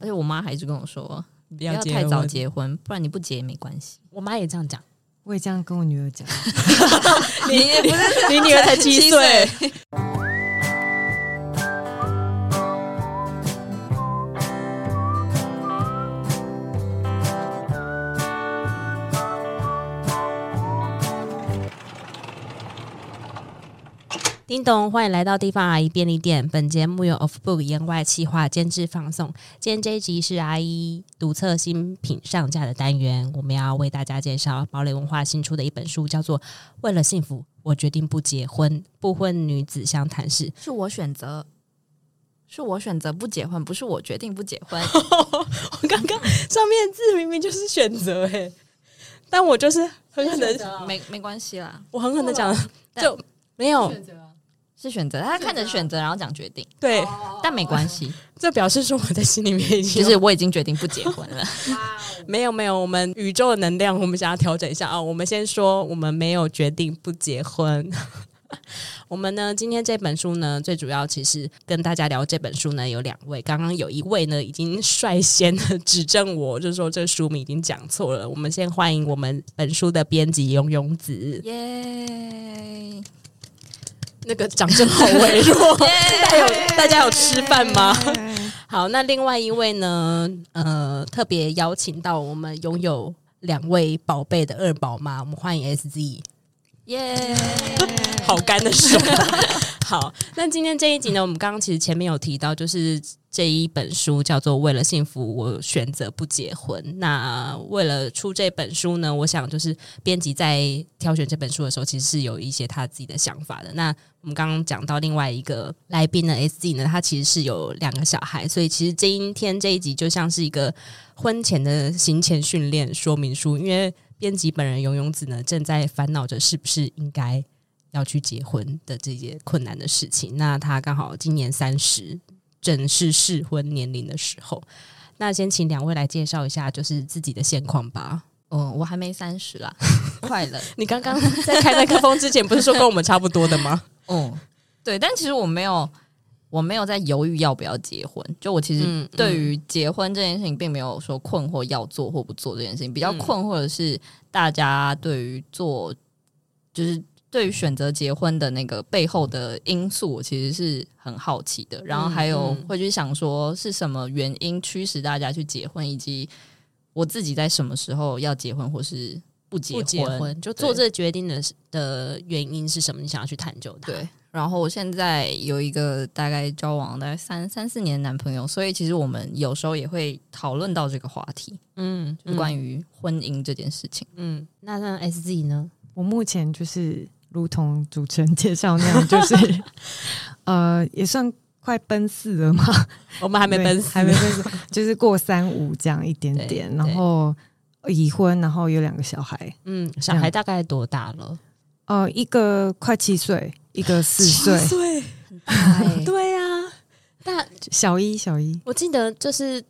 而且我媽還是跟我說，不要，不要太早結婚，不然你不結也沒關係。我媽也這樣講，我也這樣跟我女兒講。你你女兒才七歲？七叮咚，歡迎來到地方阿姨便利店。本節目由 Off Book 言外企劃監製放送。今天這一集是阿姨讀冊新品上架的單元，我們要為大家介紹堡壘文化新出的一本書，叫做《為了幸福，我決定不結婚》。不婚女子相談室，是我選擇，是我選擇不結婚，不是我決定不結婚。 我剛剛上面字明明就是選擇誒、欸，但我就是狠狠的沒狠狠講沒，沒關係啦，我狠狠的講就沒有。是選擇，他看着選擇，然後講決定。嗎對，但沒關係，哦哦 這表示說我在心裡面已經，其實我已經決定不結婚了。Wow. 沒有沒有，我們宇宙的能量，我們想要調整一下啊。我們先說，我們沒有決定不結婚。 我們呢，今天這本書呢，最主要其實跟大家聊這本書呢，有兩位。剛剛有一位呢，已經率先指正我，就是說這書名已經講錯了。我們先歡迎我們本書的編輯詠詠子，耶。Yeah. 那個掌聲好微弱， Yeah 大家有 Yeah 大家有吃飯嗎？好，那另外一位呢？呃，特別邀請到我們擁有兩位寶貝的二寶媽，我們歡迎 S Z。耶，Yeah 好乾的手。 好，那今天這一集呢，我們剛剛其實前面有提到，就是這一本書叫做《為了幸福，我選擇不結婚》。那為了出這本書呢，我想就是編輯在挑選這本書的時候，其實是有一些他自己的想法的。那我們剛剛講到另外一個來賓的 SZ 呢，他其實是有兩個小孩，所以其實今天這一集就像是一個婚前的行前訓練說明書，因為。編輯本人詠詠子呢，正在煩惱着是不是應該要去結婚的這些困難的事情。那他剛好今年三十，正是適婚年齡的時候。那先請兩位來介紹一下，就是自己的現況吧。哦、嗯，我還沒三十 了，快了。你剛剛在開麥克風之前，不是說跟我們差不多的嗎？哦、嗯，對，但其實我沒有。我沒有在猶豫要不要結婚，就我其實對於結婚這件事情並沒有說困惑要做或不做這件事情，比較困惑的是大家對於做，嗯、就是對於選擇結婚的那個背後的因素，我其實是很好奇的。然後還有會去想說是什麼原因驅使大家去結婚，以及我自己在什麼時候要結婚或是不結婚，結婚就做這個決定的的原因是什麼？你想要去探究它？對。然後我現在有一個大概交往大概三三四年的男朋友，所以其實我們有時候也會討論到這個話題，嗯，關於婚姻這件事情，嗯。那那 SZ 呢？我目前就是如同主持人介紹那樣，就是 呃，也算快奔四了嘛？ 我們還沒奔四，還沒奔四， 就是過三五這樣一點點，然後已婚，然後有兩個小孩，嗯，這樣，小孩大概多大了？哦、呃，一個快七歲，一個四歲，歲欸、 對，啊，呀大，小一小一。我記得就是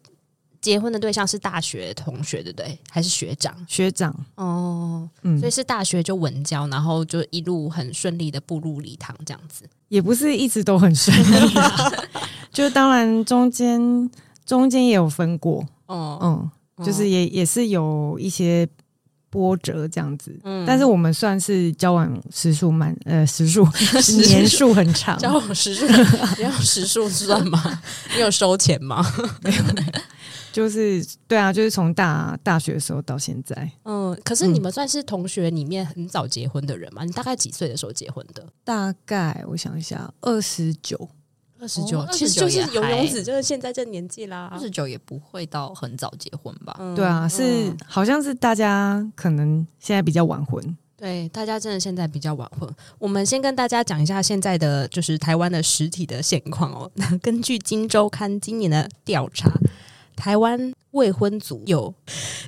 結婚的對象是大學同學，對不對？還是學長？學長。哦，嗯、所以是大學就穩交，然後就一路很順利的步入禮堂，這樣子。也不是一直都很順利，就當然中間中間也有分過。哦，嗯，就是也、哦、也是有一些。波折這樣子，嗯、但是我們算是交往時數蠻呃時數時數年數很長， 交往時數你要時數算嗎？ 你有收錢嗎？沒有,沒有，就是對啊，就是從大大學的時候到現在，嗯，可是你們算是同學裡面很早結婚的人嗎？嗯、你大概幾歲的時候結婚的？大概我想一下，二十九。二十九，29，哦、其實就是詠詠子，就是現在這年紀啦。二十九也不會到很早結婚吧？嗯、對啊，是，嗯、好像是大家可能現在比較晚婚。對，大家真的現在比較晚婚。我們先跟大家講一下現在的就是台灣的實體的現況哦。那根據《金周刊》今年的調查，台灣。未婚族有，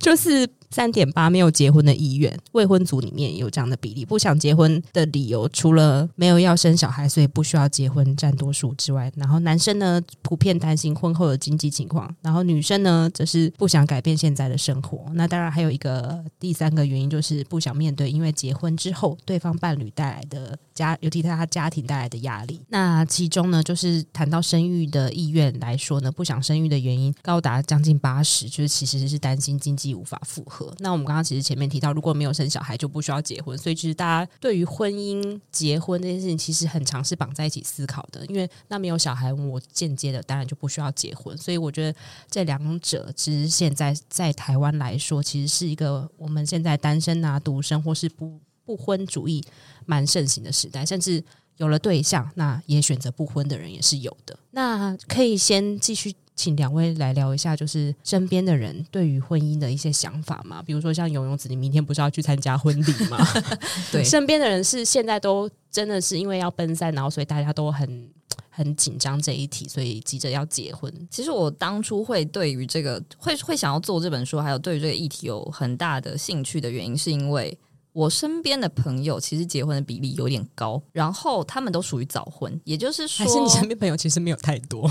就是三點八沒有結婚的意願。未婚族裡面有這樣的比例，不想結婚的理由，除了沒有要生小孩，所以不需要結婚占多數之外，然後男生呢，普遍擔心婚後的經濟情況，然後女生呢，則是不想改變現在的生活。那當然還有一個第三個原因，就是不想面對因為結婚之後對方伴侶帶來的家，尤其他家庭帶來的壓力。那其中呢，就是談到生育的意願來說呢，不想生育的原因高達將近八十。就是其實是擔心經濟無法負荷。那我們剛剛其實前面提到，如果沒有生小孩就不需要結婚，所以其實大家對於婚姻、結婚這件事情其實很常是綁在一起思考的。因為那沒有小孩，我間接的當然就不需要結婚。所以我覺得這兩者之現在在台灣來說，其實是一個我們現在單身啊、獨身或是不不婚主義蠻盛行的時代，甚至有了對象，那也選擇不婚的人也是有的。那可以先繼續。請兩位來聊一下，就是身邊的人對於婚姻的一些想法嘛，比如說像詠詠子，你明天不是要去參加婚禮嗎？ 對，身邊的人是現在都真的是因為要奔三，然後所以大家都很很緊張這一題，所以急着要結婚。其實我當初會對於這個會會想要做這本書，還有對於這個議題有很大的興趣的原因，是因為。我身邊的朋友其實結婚的比例有點高，然後他們都屬於早婚，也就是說，還是你身邊朋友其實沒有太多。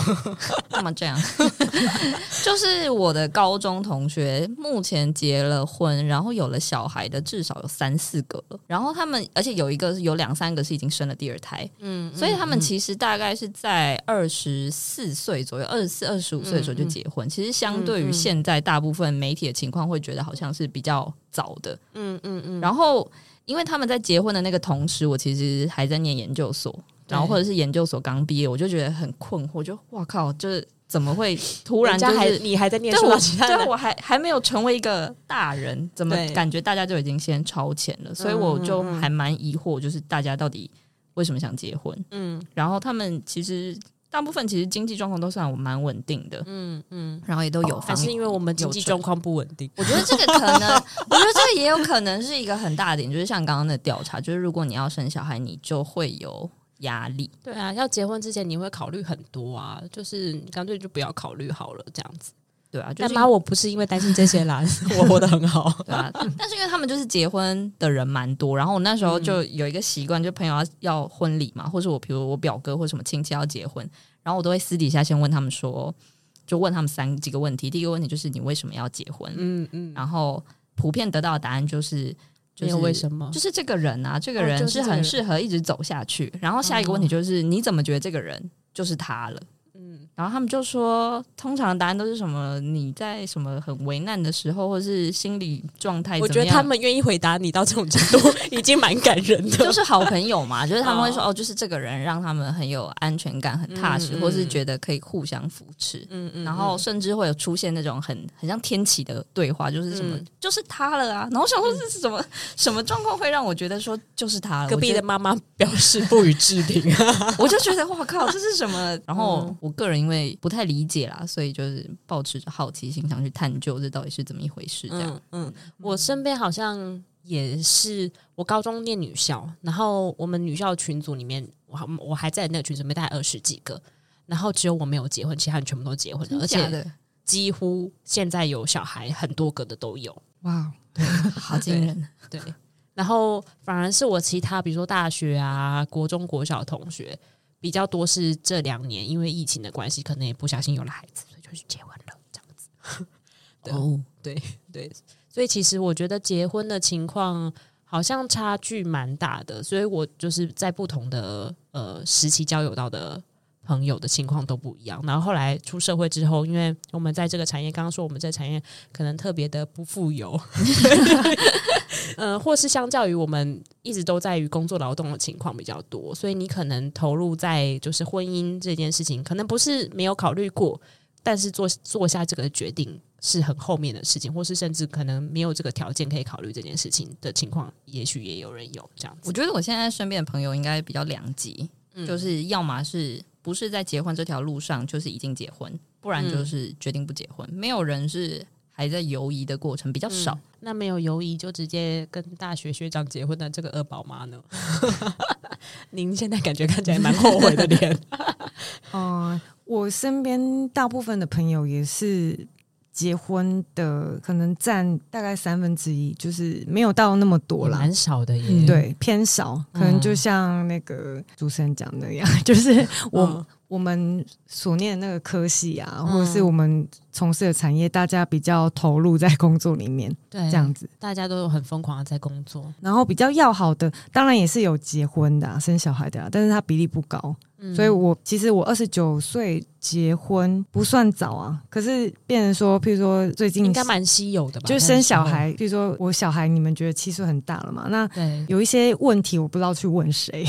那麼這樣，就是我的高中同學目前結了婚，然後有了小孩的至少有三四個了，然後他們而且有一個有兩三個是已經生了第二胎，嗯，嗯，嗯，所以他們其實大概是在二十四歲左右，二十四二十五歲的時候就結婚。嗯嗯其實相對於現在大部分媒體的情況，會覺得好像是比較。早的，嗯嗯嗯，嗯嗯然後因為他們在結婚的那個同時，我其實還在念研究所，對然後或者是研究所剛畢業，我就覺得很困惑，我就哇靠，就是怎麼會突然就是還你還在念書，對，我還還沒有成為一個大人，怎麼感覺大家就已經先超前了？對所以我就還蠻疑惑，就是大家到底為什麼想結婚？嗯，然後他們其實。大部分其實經濟狀況都算蠻穩定的，嗯嗯，嗯然後也都有，但是因為我們經濟狀況不穩定，我覺得這個可能， 我覺得這個也有可能是一個很大的點，就是像剛剛的調查，就是如果你要生小孩，你就會有壓力。對啊，要結婚之前你會考慮很多啊，就是乾脆就不要考慮好了，這樣子。對啊，就是、但媽我不是因為擔心這些啦， 我活得很好，對啊。 但是因為他們就是結婚的人蠻多，然後我那時候就有一個習慣，嗯、就朋友要要婚禮嘛，或者我比如我表哥或者什麼親戚要結婚，然後我都會私底下先問他們說，就問他們三幾個問題。第一個問題就是你為什麼要結婚？嗯嗯。嗯然後普遍得到的答案就是就是為什麼？就是這個人啊，這個人是很適合一直走下去。哦就是、然後下一個問題就是、嗯哦、你怎麼覺得這個人就是他了？然後他們就說，通常答案都是什麼？你在什麼很為難的時候，或是心理狀態怎麼樣？我覺得他們願意回答你到這種程度，已經蠻感人的。 就是好朋友嘛，就是他們會說，哦,哦，就是這個人讓他們很有安全感，很踏實，嗯嗯、或是覺得可以互相扶持。嗯嗯。嗯然後甚至會有出現那種很很像天啟的對話，就是什麼，嗯、就是他了啊！然後我想說這是什麼、嗯、什麼狀況會讓我覺得說就是他了。隔壁的媽媽表示不予置評。我, 我就覺得哇靠，這是什麼？嗯、然後我個人應。因為不太理解啦，所以就是抱持着好奇心，想去探究這到底是怎麼一回事這樣。樣嗯，嗯我身邊好像也是，我高中念女校，然後我們女校群組裡面，我我還在那個群組裡面大概二十幾個，然後只有我沒有結婚，其他人全部都結婚了，而且幾乎現在有小孩很多個的都有。哇 Wow, 對， 好驚人對！對，然後反而是我其他，比如說大學啊、國中、國小同學。比較多是這兩年，因為疫情的關係，可能也不小心有了孩子，所以就是結婚了，這樣子。 對、哦、對對，所以其實我覺得結婚的情況好像差距蠻大的，所以我就是在不同的呃時期交友到的朋友的情況都不一樣。然後後來出社會之後，因為我們在這個產業，剛剛說我們這個產業可能特別的不富有。 嗯，呃，或是相較於我們一直都在於工作勞動的情況比較多，所以你可能投入在就是婚姻這件事情，可能不是沒有考慮過，但是做做下這個決定是很後面的事情，或是甚至可能沒有這個條件可以考慮這件事情的情況，也許也有人有這樣子。我覺得我現在身邊的朋友應該比較兩極，嗯，就是要麼是不是在結婚這條路上，就是已經結婚，不然就是決定不結婚，沒有人是。還在猶疑的過程比較少。嗯、那沒有猶疑就直接跟大學學長結婚的這個二寶媽呢？ 您現在感覺看起來蠻後悔的臉？哦、嗯。我身邊大部分的朋友也是結婚的，可能佔大概三分之一，就是沒有到那麼多啦，蠻少的耶、嗯、對，偏少，嗯、可能就像那個主持人講的那樣，就是我、嗯、我們所念的那個科系啊，或者是我們、嗯。從事的產業，大家比較投入，在工作裡面，對，這樣子，大家都很瘋狂的在工作。然後比較要好的，當然也是有結婚的、生小孩的，但是他比例不高。所以我其實我二十九歲結婚不算早啊，可是變成說，譬如說最近應該蠻稀有的吧，就是生小孩。譬如說我小孩，你們覺得氣數很大了嘛？那有一些問題我不知道去問誰，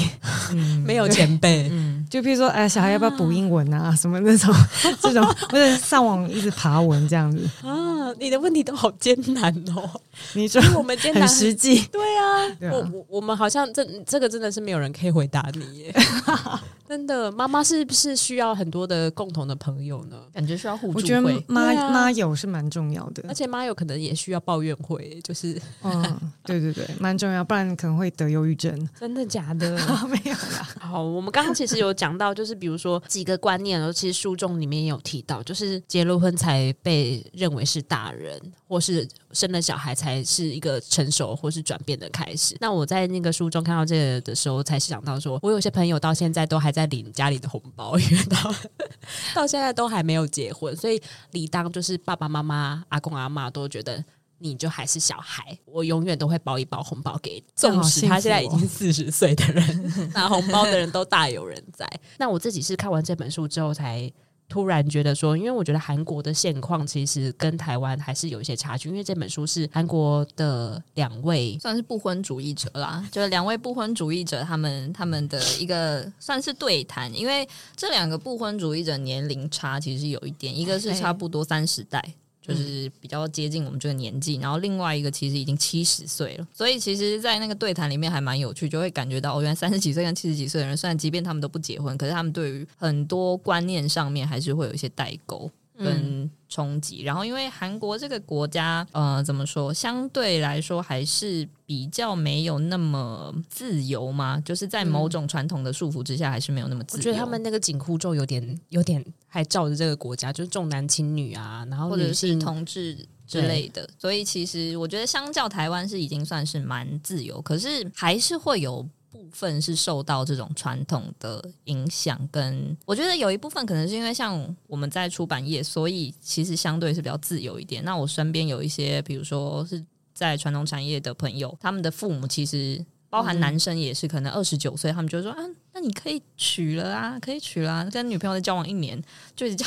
沒有前輩。就譬如說，哎，小孩要不要補英文啊？什麼那種這種，不是上網一直。爬文這樣子啊，你的問題都好艱難哦。你說我們艱難，很很實際，對啊，對啊，我我我們好像這這個真的是沒有人可以回答你。 真的，媽媽是不是需要很多的共同的朋友呢？感覺需要互助會，我覺得媽、啊、媽友是蠻重要的，而且媽友可能也需要抱怨會，就是嗯，對對對， 蠻重要，不然可能會得憂鬱症。真的假的？ 沒有啦。好，我們剛剛其實有講到，就是比如說幾個觀念，尤 其實書中裡面有提到，就是結了婚才被認為是大人，或是。生了小孩才是一個成熟或是轉變的開始。那我在那個書中看到這個的時候，才想到說，我有些朋友到現在都還在領家裡的紅包，因為到 到現在都還沒有結婚，所以理當就是爸爸媽媽、阿公阿嬤都覺得你就還是小孩，我永遠都會包一包紅包給你。縱使他現在已經四十歲的人拿 紅包的人都大有人在。那我自己是看完這本書之後才。突然覺得說，因為我覺得韓國的現況其實跟台灣還是有一些差距。因為這本書是韓國的兩位，算是不婚主義者啦， 就是兩位不婚主義者他們他們的一個算是對談。因為這兩個不婚主義者年齡差其實是有一點，一個是差不多三十代。欸就是比較接近我們這個年紀，嗯、然後另外一個其實已經七十歲了，所以其實，在那個對談裡面還蠻有趣，就會感覺到，哦，原來三十幾歲跟七十幾歲的人，雖然即便他們都不結婚，可是他們對於很多觀念上面還是會有一些代溝。跟衝擊，然後因為韓國這個國家，呃，怎麼說，相對來說還是比較沒有那麼自由嘛，就是在某種傳統的束縛之下，還是沒有那麼自由。嗯、我覺得他們那個緊箍咒有點，有點還照着這個國家，就是重男輕女啊，然後或者是同志之類的。對所以其實我覺得相較台灣是已經算是蠻自由，可是還是會有。部分是受到這種傳統的影響，跟我覺得有一部分可能是因為像我們在出版業，所以其實相對是比較自由一點。那我身邊有一些，比如說是在傳統產業的朋友，他們的父母其實。包含男生也是，可能二十九歲，嗯、他們就說啊，那你可以娶了啊，可以娶了啊。跟女朋友在交往一年，就是叫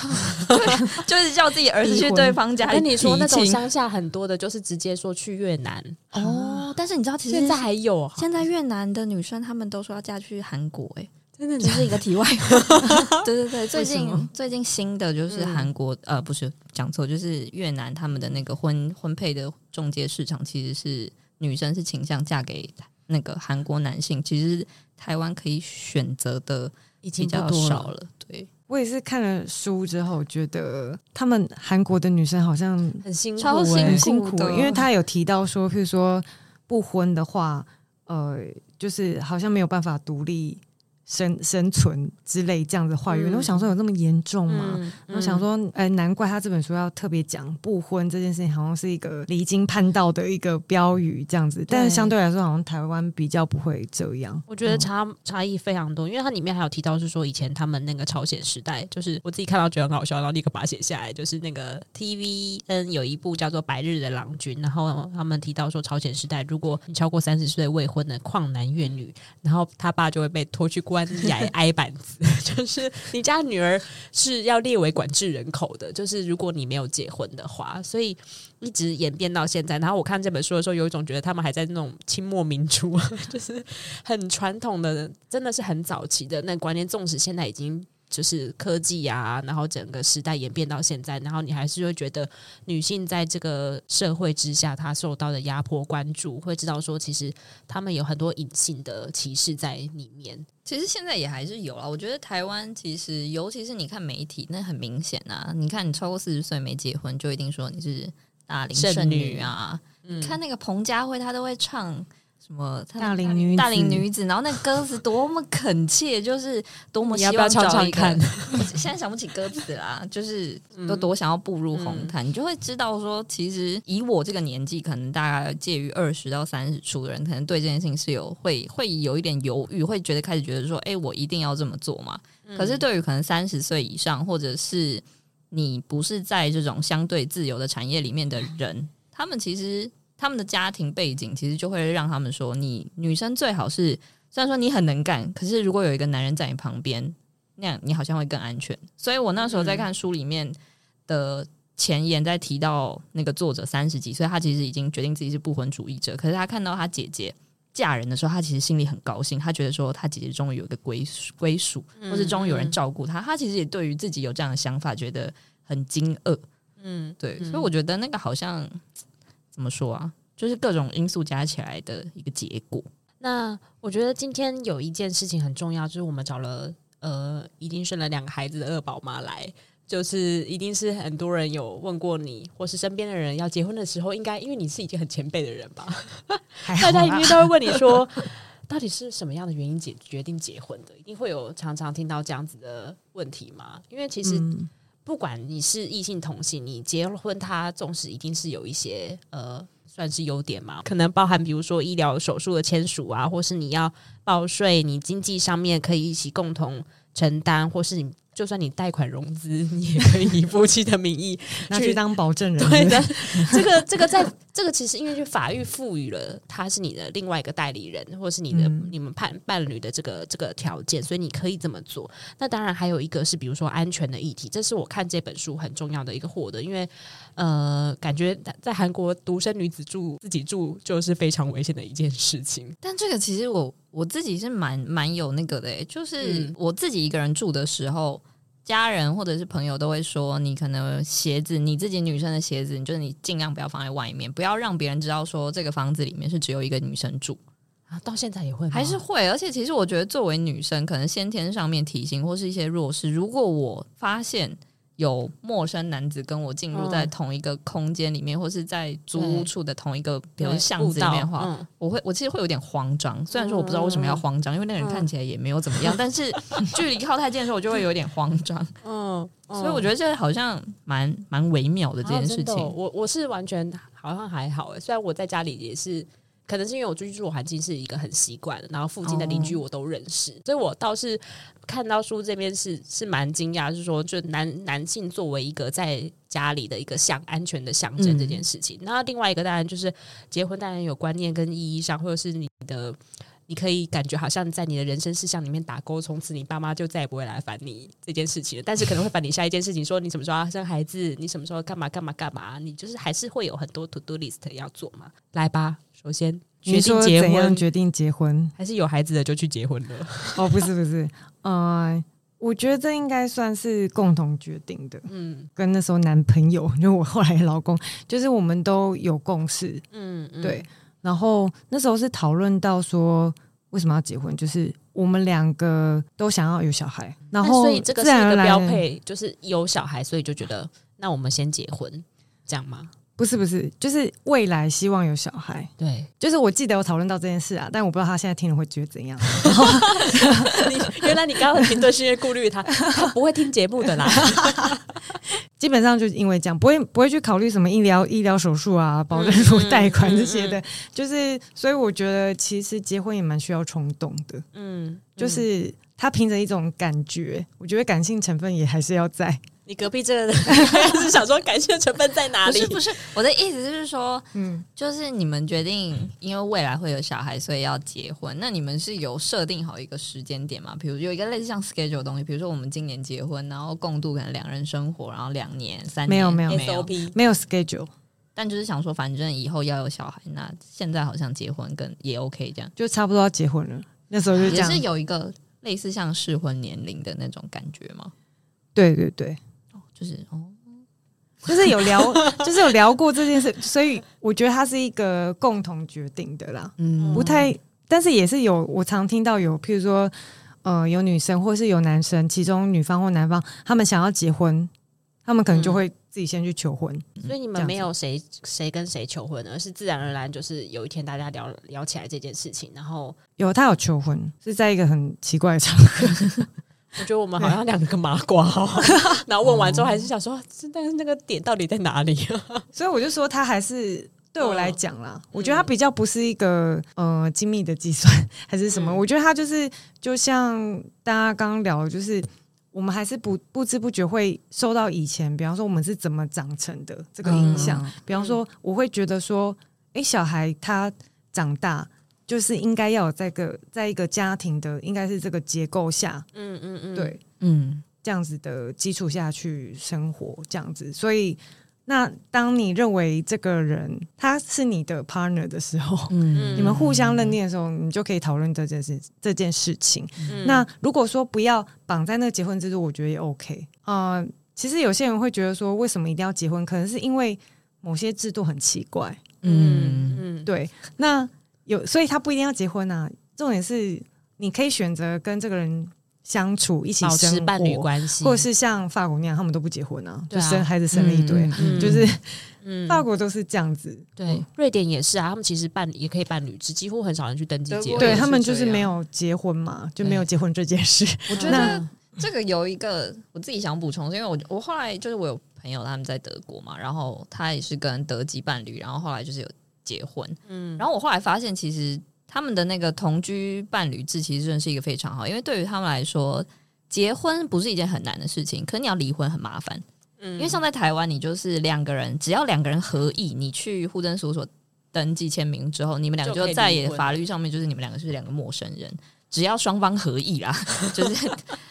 就是叫自己兒子去對方家裡。跟你說那種鄉下很多的，就是直接說去越南哦。但是你知道，其實現在還有、啊，現在越南的女生他們都說要嫁去韓國、欸，哎，真的只是一個題外話。 對對對，最近最近新的就是韓國、嗯、呃，不是講錯，就是越南他們的那個婚婚配的中介市場其實是女生是傾向嫁給。那個韓國男性，其實台灣可以選擇的已經比較少了。對了，我也是看了書之後，覺得他們韓國的女生好像很辛苦，超辛苦，很辛苦，因為他有提到說，譬如說不婚的話，呃，就是好像沒有辦法獨立。生生存之類這樣子的話語，嗯、我想說有那麼嚴重嗎？我、嗯嗯、想說，哎、欸，難怪他這本書要特別講不婚這件事情，好像是一個離經叛道的一個標語這樣子。對但是相對來說，好像台灣比較不會這樣。我覺得差、嗯、差異非常多，因為它裡面還有提到是說，以前他們那個朝鮮時代，就是我自己看到覺得很好笑，然後立刻把它寫下來。就是那個 TVN 有一部叫做《白日的郎君》，然後他們提到說，朝鮮時代如果你超過三十歲未婚的曠男怨女，然後他爸就會被拖去。官來挨板子， 就是你家女兒是要列為管制人口的，就是如果你沒有結婚的話，所以一直演變到現在。然後我看這本書的時候，有一種覺得他們還在那種清末民初，就是很傳統的，真的是很早期的那觀念，縱使現在已經。就是科技啊，然後整個時代演變到現在，然後你還是會覺得女性在這個社會之下，她受到的壓迫、關注，會知道說，其實她們有很多隱性的歧視在裡面。其實現在也還是有啊，我覺得台灣其實，尤其是你看媒體，那很明顯啊，你看你超過四十歲沒結婚，就一定說你是大齡剩女啊。女。嗯，看那個彭佳慧，她都會唱。什麼大齡女大齡女子，然後那歌詞多麼懇切，就是多麼希望找一看。現在想不起歌詞啦，就是都多想要步入紅毯，你就會知道說，其實以我這個年紀，可能大概介於二十到三十出的人，可能對這件事情是有會會有一點猶豫，會覺得開始覺得說，哎，我一定要這麼做嘛？可是對於可能三十歲以上，或者是你不是在這種相對自由的產業裡面的人，他們其實。他們的家庭背景其實就會讓他們說：“你女生最好是，雖然說你很能幹，可是如果有一個男人在你旁邊，那樣你好像會更安全。”所以，我那時候在看書裡面的前言，在提到那個作者三十幾歲，所以他其實已經決定自己是不婚主義者。可是他看到他姐姐嫁人的時候，他其實心裡很高興，他覺得說他姐姐終於有一個歸歸屬，或是終於有人照顧他。他其實也對於自己有這樣的想法覺得很驚愕嗯。嗯，對，所以我覺得那個好像。怎麼說啊？就是各種因素加起來的一個結果。那我覺得今天有一件事情很重要，就是我們找了呃已經生了兩個孩子的二寶媽來，就是一定是很多人有問過你，或是身邊的人要結婚的時候應，應該因為你是已經很前輩的人吧？大家一定都會問你說，到底是什麼樣的原因決決定結婚的？一定會有常常聽到這樣子的問題嗎？因為其實。嗯不管你是異性同性，你結婚他縱使一定是有一些呃，算是優點嘛。可能包含比如說醫療手術的簽署啊，或是你要報稅，你經濟上面可以一起共同承擔，或是你。就算你貸款融資，你也可以以夫妻的名義去， 去當保證人是不是？對的，這個這個在這個其實因為就法律賦予了他是你的另外一個代理人，或者是你的、嗯、你們伴伴侶的這個這個條件，所以你可以這麼做。那當然還有一個是比如說安全的議題，這是我看這本書很重要的一個獲得，因為。呃，感覺在韓國獨生女子住自己住就是非常危險的一件事情。但這個其實我我自己是蠻蠻有那個的、欸，就是我自己一個人住的時候，家人或者是朋友都會說，你可能鞋子你自己女生的鞋子，你、就是你儘量不要放在外面，不要讓別人知道說這個房子裡面是只有一個女生住啊。到現在也會還是會，而且其實我覺得作為女生，可能先天上面體型或是一些弱勢，如果我發現。有陌生男子跟我進入在同一個空間裡面，嗯、或是在租屋處的同一個，嗯、比如說巷子裡面的話，嗯、我會我其實會有點慌張。雖然說我不知道為什麼要慌張，嗯、因為那個人看起來也沒有怎麼樣，嗯、但是距離靠太近的時候，我就會有點慌張。嗯，所以我覺得這好像蠻蠻微妙的這件事情。啊哦、我我是完全好像還好，雖然我在家裡也是。可能是因為我居住環境是一個很習慣，然後附近的鄰居我都認識，哦、所以我倒是看到書這邊是是蠻驚訝，就是說，就男男性作為一個在家裡的一個像安全的象徵這件事情。嗯、那另外一個當然就是結婚，當然有觀念跟意義上，或者是你的。你可以感覺好像在你的人生事項裡面打勾，從此你爸媽就再也不會來煩你這件事情了。但是可能會煩你下一件事情，說你什麼時候、啊、生孩子，你什麼時候幹嘛幹嘛幹嘛，你就是還是會有很多 to do list 要做嘛。來吧，首先決定結婚，決定結婚，結婚還是有孩子的就去結婚了。哦，不是不是， 呃，我覺得這應該算是共同決定的。嗯，跟那時候男朋友，就我後來老公，就是我們都有共識。嗯，嗯對。然後那時候是討論到說，為什麼要結婚？就是我們兩個都想要有小孩，然後然所以這個是一個標配，就是有小孩，所以就覺得那我們先結婚，這樣嗎？不是不是，就是未來希望有小孩。對，就是我記得我討論到這件事啊，但我不知道他現在聽了會覺得怎樣。 你原來你剛剛很評論是因為顧慮他， 他不會聽節目的啦。 基本上就是因為這樣，不會不會去考慮什麼醫療醫療手術啊、保證書、貸款這些的。嗯嗯、就是所以我覺得其實結婚也蠻需要衝動的。嗯，嗯就是他憑着一種感覺，我覺得感性成分也還是要在。你隔壁這個人是想說感謝成分在哪裡？ 不是,不是我的意思就是說，嗯，就是你們決定因為未來會有小孩，所以要結婚。那你們是有設定好一個時間點嗎？比如有一個類似像 schedule 的東西？比如說我們今年結婚，然後共度可能兩人生活，然後兩年、三年？沒有沒有沒有，沒有 schedule。但就是想說，反正以後要有小孩，那現在好像結婚跟也 OK，這樣就差不多要結婚了。那時候就也、啊、是有一個類似像適婚年齡的那種感覺嗎？對對對。就是哦，就是有聊， 就是有聊過這件事，所以我覺得它是一個共同決定的啦。嗯，不太，但是也是有我常聽到有，譬如說，呃，有女生或是有男生，其中女方或男方，他們想要結婚，他們可能就會自己先去求婚。嗯，所以你們沒有誰誰跟誰求婚，而是自然而然就是有一天大家聊聊起來這件事情，然後有他有求婚，是在一個很奇怪的場合。 我覺得我們好像兩個麻瓜，對 然後問完之後還是想說，但是那個點到底在哪裡啊？所以我就說，他還是對我來講啦，嗯、我覺得他比較不是一個呃精密的計算還是什麼，嗯、我覺得他就是就像大家剛剛聊，就是我們還是不不知不覺會受到以前，比方說我們是怎麼長成的這個影響，嗯、比方說我會覺得說，哎，小孩他長大。就是應該要有在個在一個家庭的，應該是這個結構下，嗯嗯嗯，對，嗯，對嗯，這樣子的基礎下去生活，這樣子。所以，那當你認為這個人他是你的 partner 的時候，嗯，你們互相認定的時候，嗯、你就可以討論這件事這件事情。嗯、那如果說不要綁在那結婚制度，我覺得也 OK 啊、呃。其實有些人會覺得說，為什麼一定要結婚？可能是因為某些制度很奇怪，嗯，嗯對。那有，所以他不一定要結婚啊。重點是，你可以選擇跟這個人相處，一起生活，保持伴侶關係，或者是像法國那樣，他們都不結婚啊，啊就生孩子生了一堆，嗯嗯、就是，嗯、法國都是這樣子。對，我瑞典也是啊，他們其實伴也可以伴侶只幾乎很少人去登記結婚。國對他們就是沒有結婚嘛，對就沒有結婚這件事。我覺得那這個有一個我自己想補充，因為我我後來就是我有朋友他們在德國嘛，然後他也是跟德籍伴侶，然後後來就是有。結婚，嗯，然後我後來發現，其實他們的那個同居伴侶制其實真的是一個非常好，因為對於他們來說，結婚不是一件很難的事情，可你要離婚很麻煩，嗯，因為像在台灣，你就是兩個人，只要兩個人合意，你去戶政事務所登記簽名之後，你們兩個就在法律上面就是你們兩個是兩個陌生人。只要雙方合意啦，就是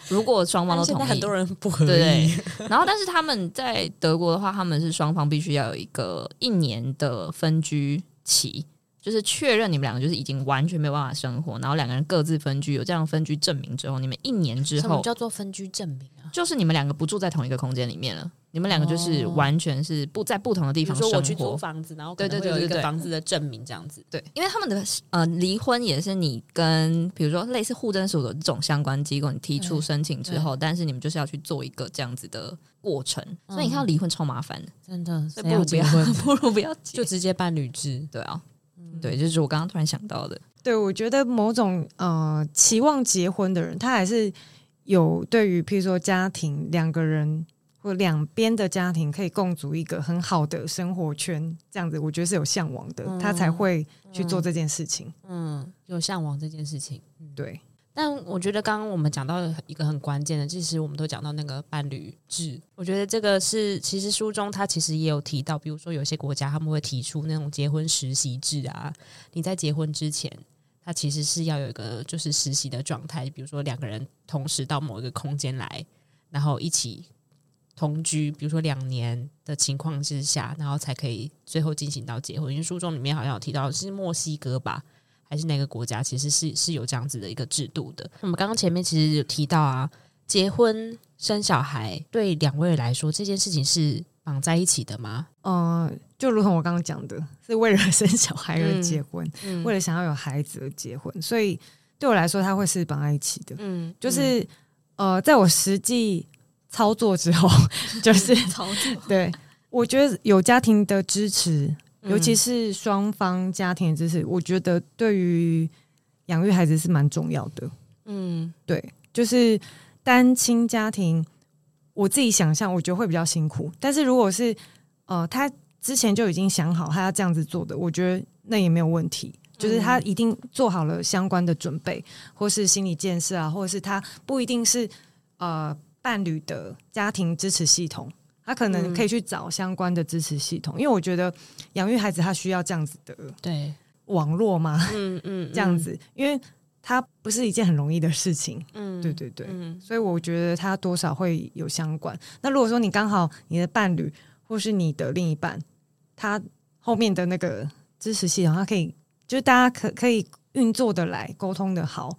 如果雙方都同意，對，現在很多人不合議，對對對，然後，但是他們在德國的話，他們是雙方必須要有一個一年的分居期。就是確認你們兩個就是已經完全沒有辦法生活，然後兩個人各自分居，有這樣分居證明之後，你們一年之後，什麼叫做分居證明啊？就是你們兩個不住在同一個空間裡面了，你們兩個就是完全是不在不同的地方生活。我去住房子，然後對對對對房子的證明這樣子，對，對，因為他們的呃離婚也是你跟比如說類似戶政署的這種相關機構，你提出申請之後，但是你們就是要去做一個這樣子的過程，嗯、所以你看到離婚超麻煩的，真的，誰要結婚，所以不如不要，誰要結 不如不要，就直接伴侶制，對啊。對，就是我剛剛突然想到的。對，我覺得某種呃，期望結婚的人，他還是有對於譬如說家庭，兩個人或兩邊的家庭可以共組一個很好的生活圈這樣子，我覺得是有嚮往的，嗯，他才會去做這件事情嗯。嗯，有嚮往這件事情。對。但我覺得，剛剛我們講到一個很關鍵的，其實我們都講到那個伴侶制。我覺得這個是，其實書中他其實也有提到，比如說有些國家他們會提出那種結婚實習制啊。你在結婚之前，他其實是要有一個就是實習的狀態，比如說兩個人同時到某一個空間來，然後一起同居，比如說兩年的情況之下，然後才可以最後進行到結婚。因為書中裡面好像有提到的是墨西哥吧。還是哪個國家，其實是是有這樣子的一個制度的。我們剛剛前面其實有提到啊，結婚生小孩對兩位來說這件事情是綁在一起的嗎？呃，就如同我剛剛講的，是為了生小孩而結婚，嗯嗯、為了想要有孩子而結婚，所以對我來說，它會是綁在一起的。嗯，嗯就是呃，在我實際操作之後，就是、嗯、操作。對，我覺得有家庭的支持。尤其是雙方家庭的支持，嗯，我覺得對於養育孩子是蠻重要的。嗯，對，就是單親家庭，我自己想象我覺得會比較辛苦。但是如果是呃，他之前就已經想好他要這樣子做的，我覺得那也沒有問題，就是他一定做好了相關的準備，或是心理建設啊，或者是他不一定是呃伴侶的家庭支持系統。他可能可以去找相關的支持系統，嗯、因為我覺得養育孩子他需要這樣子的對網絡嘛，嗯嗯對， 這樣子，嗯嗯嗯、因為他不是一件很容易的事情，嗯，對對對，嗯、所以我覺得他多少會有相關。那如果說你剛好你的伴侶或是你的另一半，他後面的那個支持系統，他可以就是大家可可以運作的來溝通的好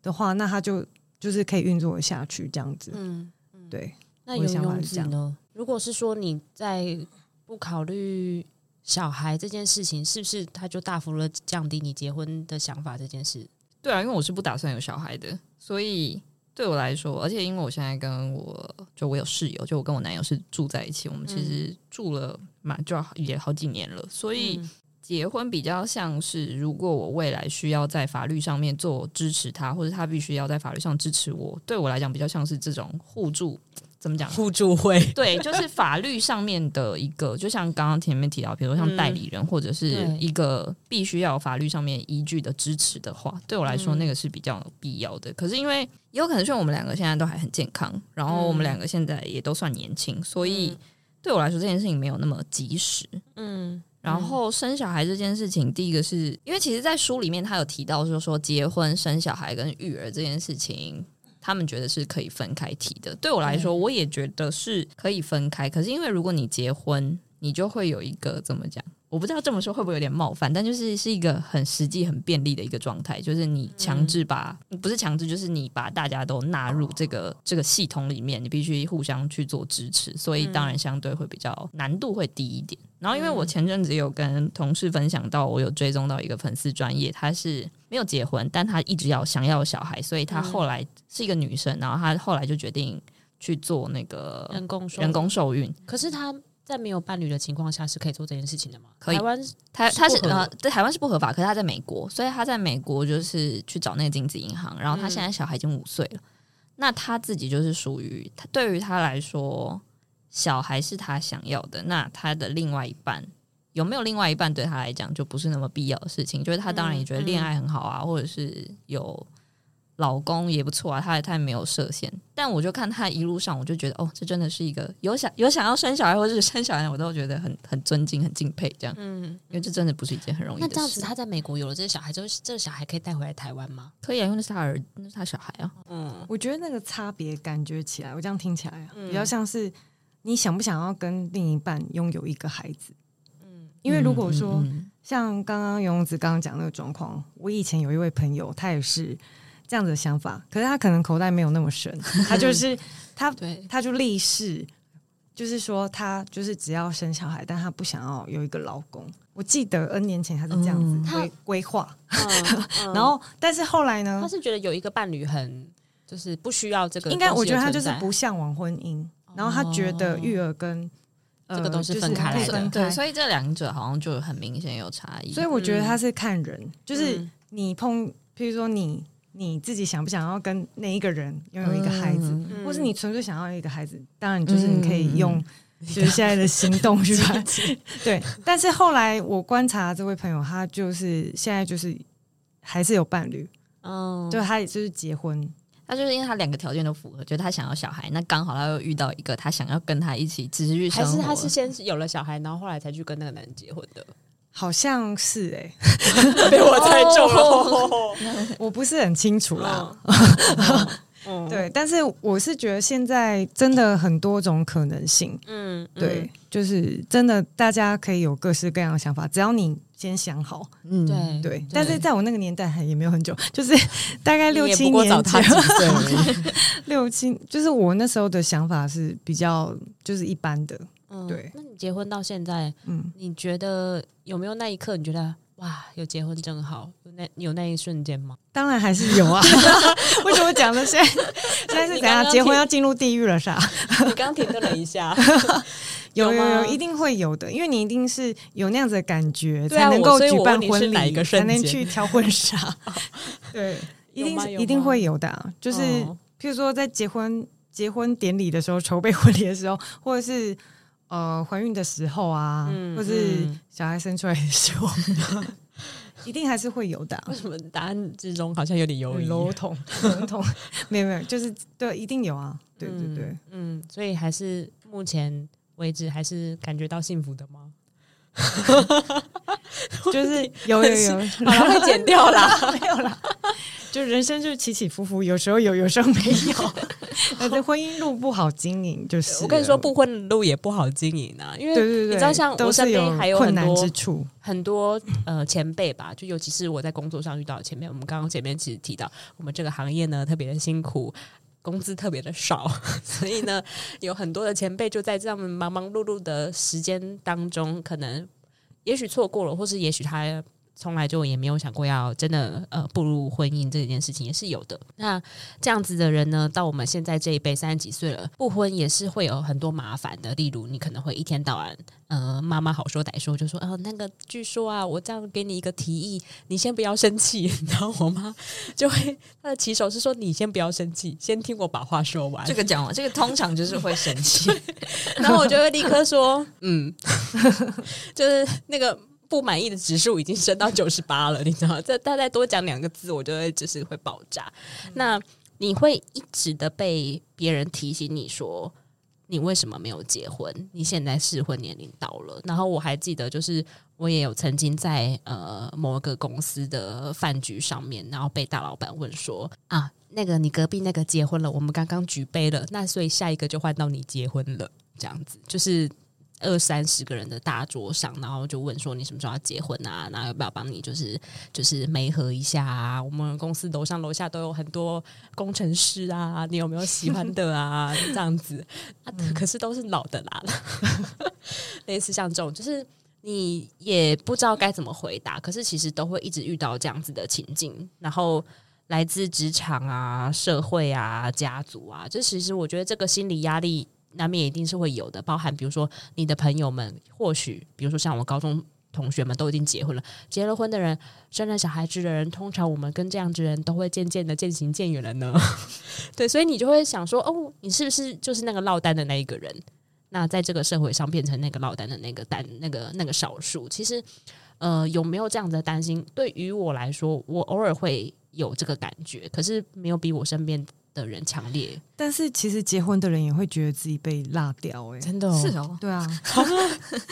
的話，那他就就是可以運作下去這樣子，嗯，嗯對，那是有這樣如果是說你在不考慮小孩這件事情，是不是他就大幅了降低你結婚的想法這件事？對啊，因為我是不打算有小孩的，所以對我來說，而且因為我現在跟我就我有室友，就我跟我男友是住在一起，我們其實住了嘛，就要也好幾年了，所以。嗯結婚比較像是，如果我未來需要在法律上面做支持他，或者他必須要在法律上支持我，對我來講比較像是這種互助，怎麼講？互助會，對，就是法律上面的一個， 就像剛剛前面提到，比如說像代理人、嗯、或者是一個必須要法律上面依據的支持的話，對我來說那個是比較必要的。嗯、可是因為也有可能是我們兩個現在都還很健康，然後我們兩個現在也都算年輕，所以對我來說這件事情沒有那麼及時。嗯。然後生小孩這件事情，第一個是因為其實，在書裡面他有提到，就是說結婚生小孩跟育兒這件事情，他們覺得是可以分開提的。對我來說，我也覺得是可以分開。可是因為如果你結婚，你就會有一個怎麼講？我不知道這麼說會不會有點冒犯，但就是是一個很實際、很便利的一個狀態，就是你強制把，嗯、不是強制，就是你把大家都納入這個、哦、這個系統裡面，你必須互相去做支持，所以當然相對會比較難度會低一點。嗯、然後，因為我前陣子有跟同事分享到，我有追蹤到一個粉絲專頁，她是沒有結婚，但她一直要想要小孩，所以她後來是一個女生，然後她後來就決定去做那個人工人工受孕，可是她。在沒有伴侶的情況下是可以做這件事情的嗎？台灣台他是呃在台灣是不合法，可是他在美國，所以他在美國就是去找那個精子銀行。然後他現在小孩已經五歲了，嗯、那他自己就是屬於他，對於他來說，小孩是他想要的。那他的另外一半有沒有另外一半？對他來講就不是那麼必要的事情。就是他當然也覺得戀愛很好啊，嗯嗯、或者是有。老公也不錯啊，他他沒有設限，但我就看他一路上，我就覺得哦，這真的是一個有想有想要生小孩或者，生小孩，我都覺得很很尊敬、很敬佩這樣。嗯，嗯因為這真的不是一件很容易的事。那這樣子，他在美國有了這些小孩之後，這個小孩可以帶回來台灣嗎？可以啊，因為那是他兒，那是他小孩啊。嗯，我覺得那個差別感覺起來，我這樣聽起來啊，比較像是，嗯、你想不想要跟另一半擁有一個孩子？嗯，因為如果說，嗯嗯嗯、像剛剛詠詠子剛剛講那個狀況，我以前有一位朋友，他也是。這樣子的想法，可是他可能口袋沒有那麼深，他就是他，他就立誓，就是說他就是只要生小孩，但他不想要有一個老公。我記得 N 年前他是這樣子規、嗯、他規劃，嗯嗯、然後但是後來呢，他是覺得有一個伴侶很就是不需要這個東西，應該我覺得他就是不向往婚姻，然後他覺得育兒跟、哦呃、這個都是分開來的，就是分開，對，所以這兩者好像就很明顯有差異。所以我覺得他是看人，就是你碰，譬如說你。你自己想不想要跟那一個人擁有一個孩子，嗯嗯、或是你純粹想要一個孩子？嗯、當然，你就是你可以用、嗯、就是現在的行動去吧、嗯嗯、對，嗯、但是後來我觀察這位朋友，他就是現在就是還是有伴侶，哦、嗯。就他就是結婚，他就是因為他兩個條件都符合，就是他想要小孩，那剛好他又遇到一個他想要跟他一起持續生活。還是他是先有了小孩，然後後來才去跟那個男人結婚的？好像是哎、欸， 被我猜中了。 我不是很清楚啦。嗯嗯、 對，但是我是覺得現在真的很多種可能性。嗯，嗯對，就是真的，大家可以有各式各樣的想法，只要你先想好。嗯，對，對，對，但是在我那個年代，也沒有很久，就是大概六七年左右， 六七，就是我那時候的想法是比較就是一般的。對，那你結婚到現在，嗯，你覺得有沒有那一刻？你覺得哇，有結婚真好，有那有那一瞬間嗎？當然還是有啊。為什麼講的是，現在是怎樣？結婚要進入地獄了是吧？你剛剛停頓了一下，有有有，一定會有的，因為你一定是有那樣子的感覺，才能夠舉辦婚禮，才能去挑婚紗。對，一定一定會有的，就是譬如說在結婚結婚典禮的時候，籌備婚禮的時候，或者是。呃，懷孕的時候啊，嗯嗯、或是小孩生出來的時候，嗯嗯、一定還是會有的。為什麼答案之中好像有點猶豫，啊嗯，籠統，籠統，沒有沒有，就是對，一定有啊，對對對，對嗯，嗯，所以還是目前為止還是感覺到幸福的嗎？哈哈， 就是很有有有，把剪掉啦。 沒有啦。就人生就起起伏伏，有時候有，有時候沒有。 婚姻路不好經營，就是我跟你說，不婚路也不好經營啊。因為你知道，像我身邊還有很多有困難之處，很多呃前輩吧，就尤其是我在工作上遇到的前輩。前輩我們剛剛前面其實提到，我們這個行業呢特別的辛苦。工資特別的少，所以呢，有很多的前輩就在這樣忙忙碌碌的時間當中，可能也許錯過了，或是也許他。從來就也沒有想過要真的呃步入婚姻這件事情也是有的。那這樣子的人呢，到我們現在這一輩三十幾歲了，不婚也是會有很多麻煩的。例如，你可能會一天到晚呃媽媽好說歹說，就說啊、呃、那個據說啊，我這樣給你一個提議，你先不要生氣。然後我媽就會她的起手是說，你先不要生氣，先聽我把話說完。這個講完，這個通常就是會生氣。 對 然後我就會立刻說 嗯，就是那個。 不滿意的指數已經升到九十八了，你知道嗎？這大概多講兩個字，我就會就是會爆炸。那你會一直的被別人提醒你說，你為什麼沒有結婚？你現在適婚年齡到了。然後我還記得，就是我也有曾經在呃某個公司的飯局上面，然後被大老板問說啊，那個你隔壁那個結婚了，我們剛剛舉杯了，那所以下一個就換到你結婚了，這樣子就是。二三十個人的大桌上，然後就問說，你什麼時候要結婚啊？然後要不要幫你就是就是媒合一下啊？我們公司樓上樓下都有很多工程師啊，你有沒有喜歡的啊？ 這樣子，啊嗯、可是都是老的啦， 類似像這種，就是你也不知道該怎麼回答。可是其實都會一直遇到這樣子的情境，然後來自職場啊、社會啊、家族啊，就其實我覺得這個心理壓力。難免一定是會有的，包含比如說你的朋友們，或許比如說像我高中同學們都已經結婚了，結了婚的人，生了小孩子的人，通常我們跟這樣子的人都會漸漸的漸行漸遠了呢。 對，所以你就會想說，哦，你是不是就是那個落單的那一個人？那在這個社會上變成那個落單的那個單，那個那個少數。其實，呃，有沒有這樣子的擔心？對於我來說，我偶爾會有這個感覺，可是沒有比我身邊。的人強烈，但是其實結婚的人也會覺得自己被落掉，哎，真的，是哦，對啊，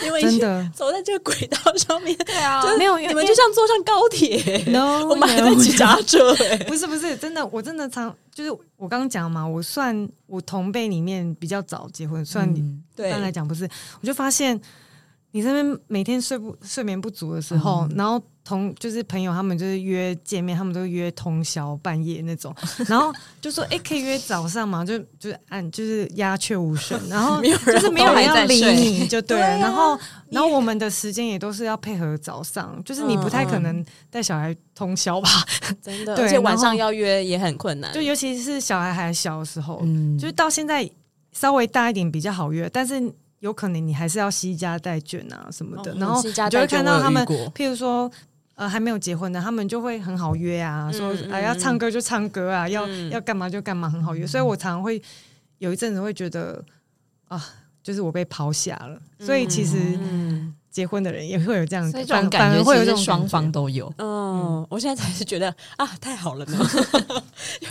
因為真的走在這個軌道上面，對啊，沒有你們就像坐上高鐵，no，我們還在擠夾車，哎，不是不是，真的，我真的常就是我剛剛講嘛，我算我同輩裡面比較早結婚，算一般來講不是，我就發現你這邊每天睡不睡眠不足的時候，然後。同就是朋友，他們就是約見面，他們都約通宵半夜那種，然後就說哎、欸，可以約早上嘛，就就是按就是鴉雀無聲，然後就是沒有人要理你，就對了。對啊、然後然後我們的時間也都是要配合早上，就是你不太可能帶小孩通宵吧？真的、嗯，對而且晚上要約也很困難，就尤其是小孩還小的時候，嗯、就是到現在稍微大一點比較好約，但是有可能你還是要攜家帶眷啊什麼的，哦、然後就會看到他們，譬如說。呃，還沒有結婚的，他們就會很好約啊，說啊要、哎、唱歌就唱歌啊，嗯、要、嗯、要幹嘛就幹嘛，很好約。所以我常會有一陣子會覺得啊，就是我被拋下了。所以其實。嗯。嗯嗯結婚的人也會有這樣子，反而會有這種感覺，就是雙方都有。樣哦、嗯，我現在才是覺得啊，太好了呢，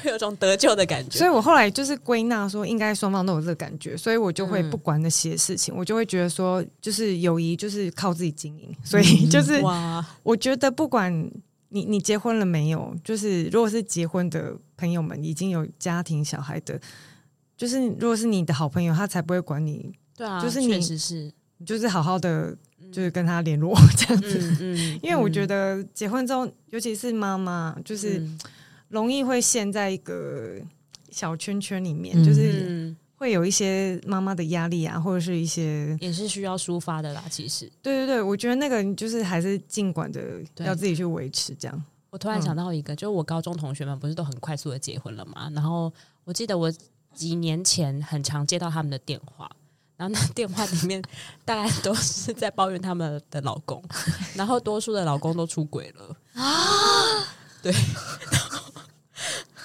又 有種得救的感覺。所以我後來就是歸納說，應該雙方都有這個感覺，所以我就會不管那些事情，嗯、我就會覺得說，就是友誼就是靠自己經營。所以就是，我覺得不管你你結婚了沒有，就是如果是結婚的朋友們已經有家庭小孩的，就是如果是你的好朋友，他才不會管你。對啊，就確實是你就是好好的，就是跟他聯絡這樣子，嗯嗯，嗯，因為我覺得結婚之後，嗯、尤其是媽媽，就是容易會陷在一個小圈圈裡面，嗯、就是會有一些媽媽的壓力啊，或者是一些也是需要抒發的啦，其實。對對對，我覺得那個就是還是儘管的要自己去維持這樣。我突然想到一個，嗯、就是我高中同學們不是都很快速的結婚了嘛？然後我記得我幾年前很常接到他們的電話。然後那電話裡面，大家都是在抱怨他們的老公，然後多數的老公都出軌了啊！對，然後，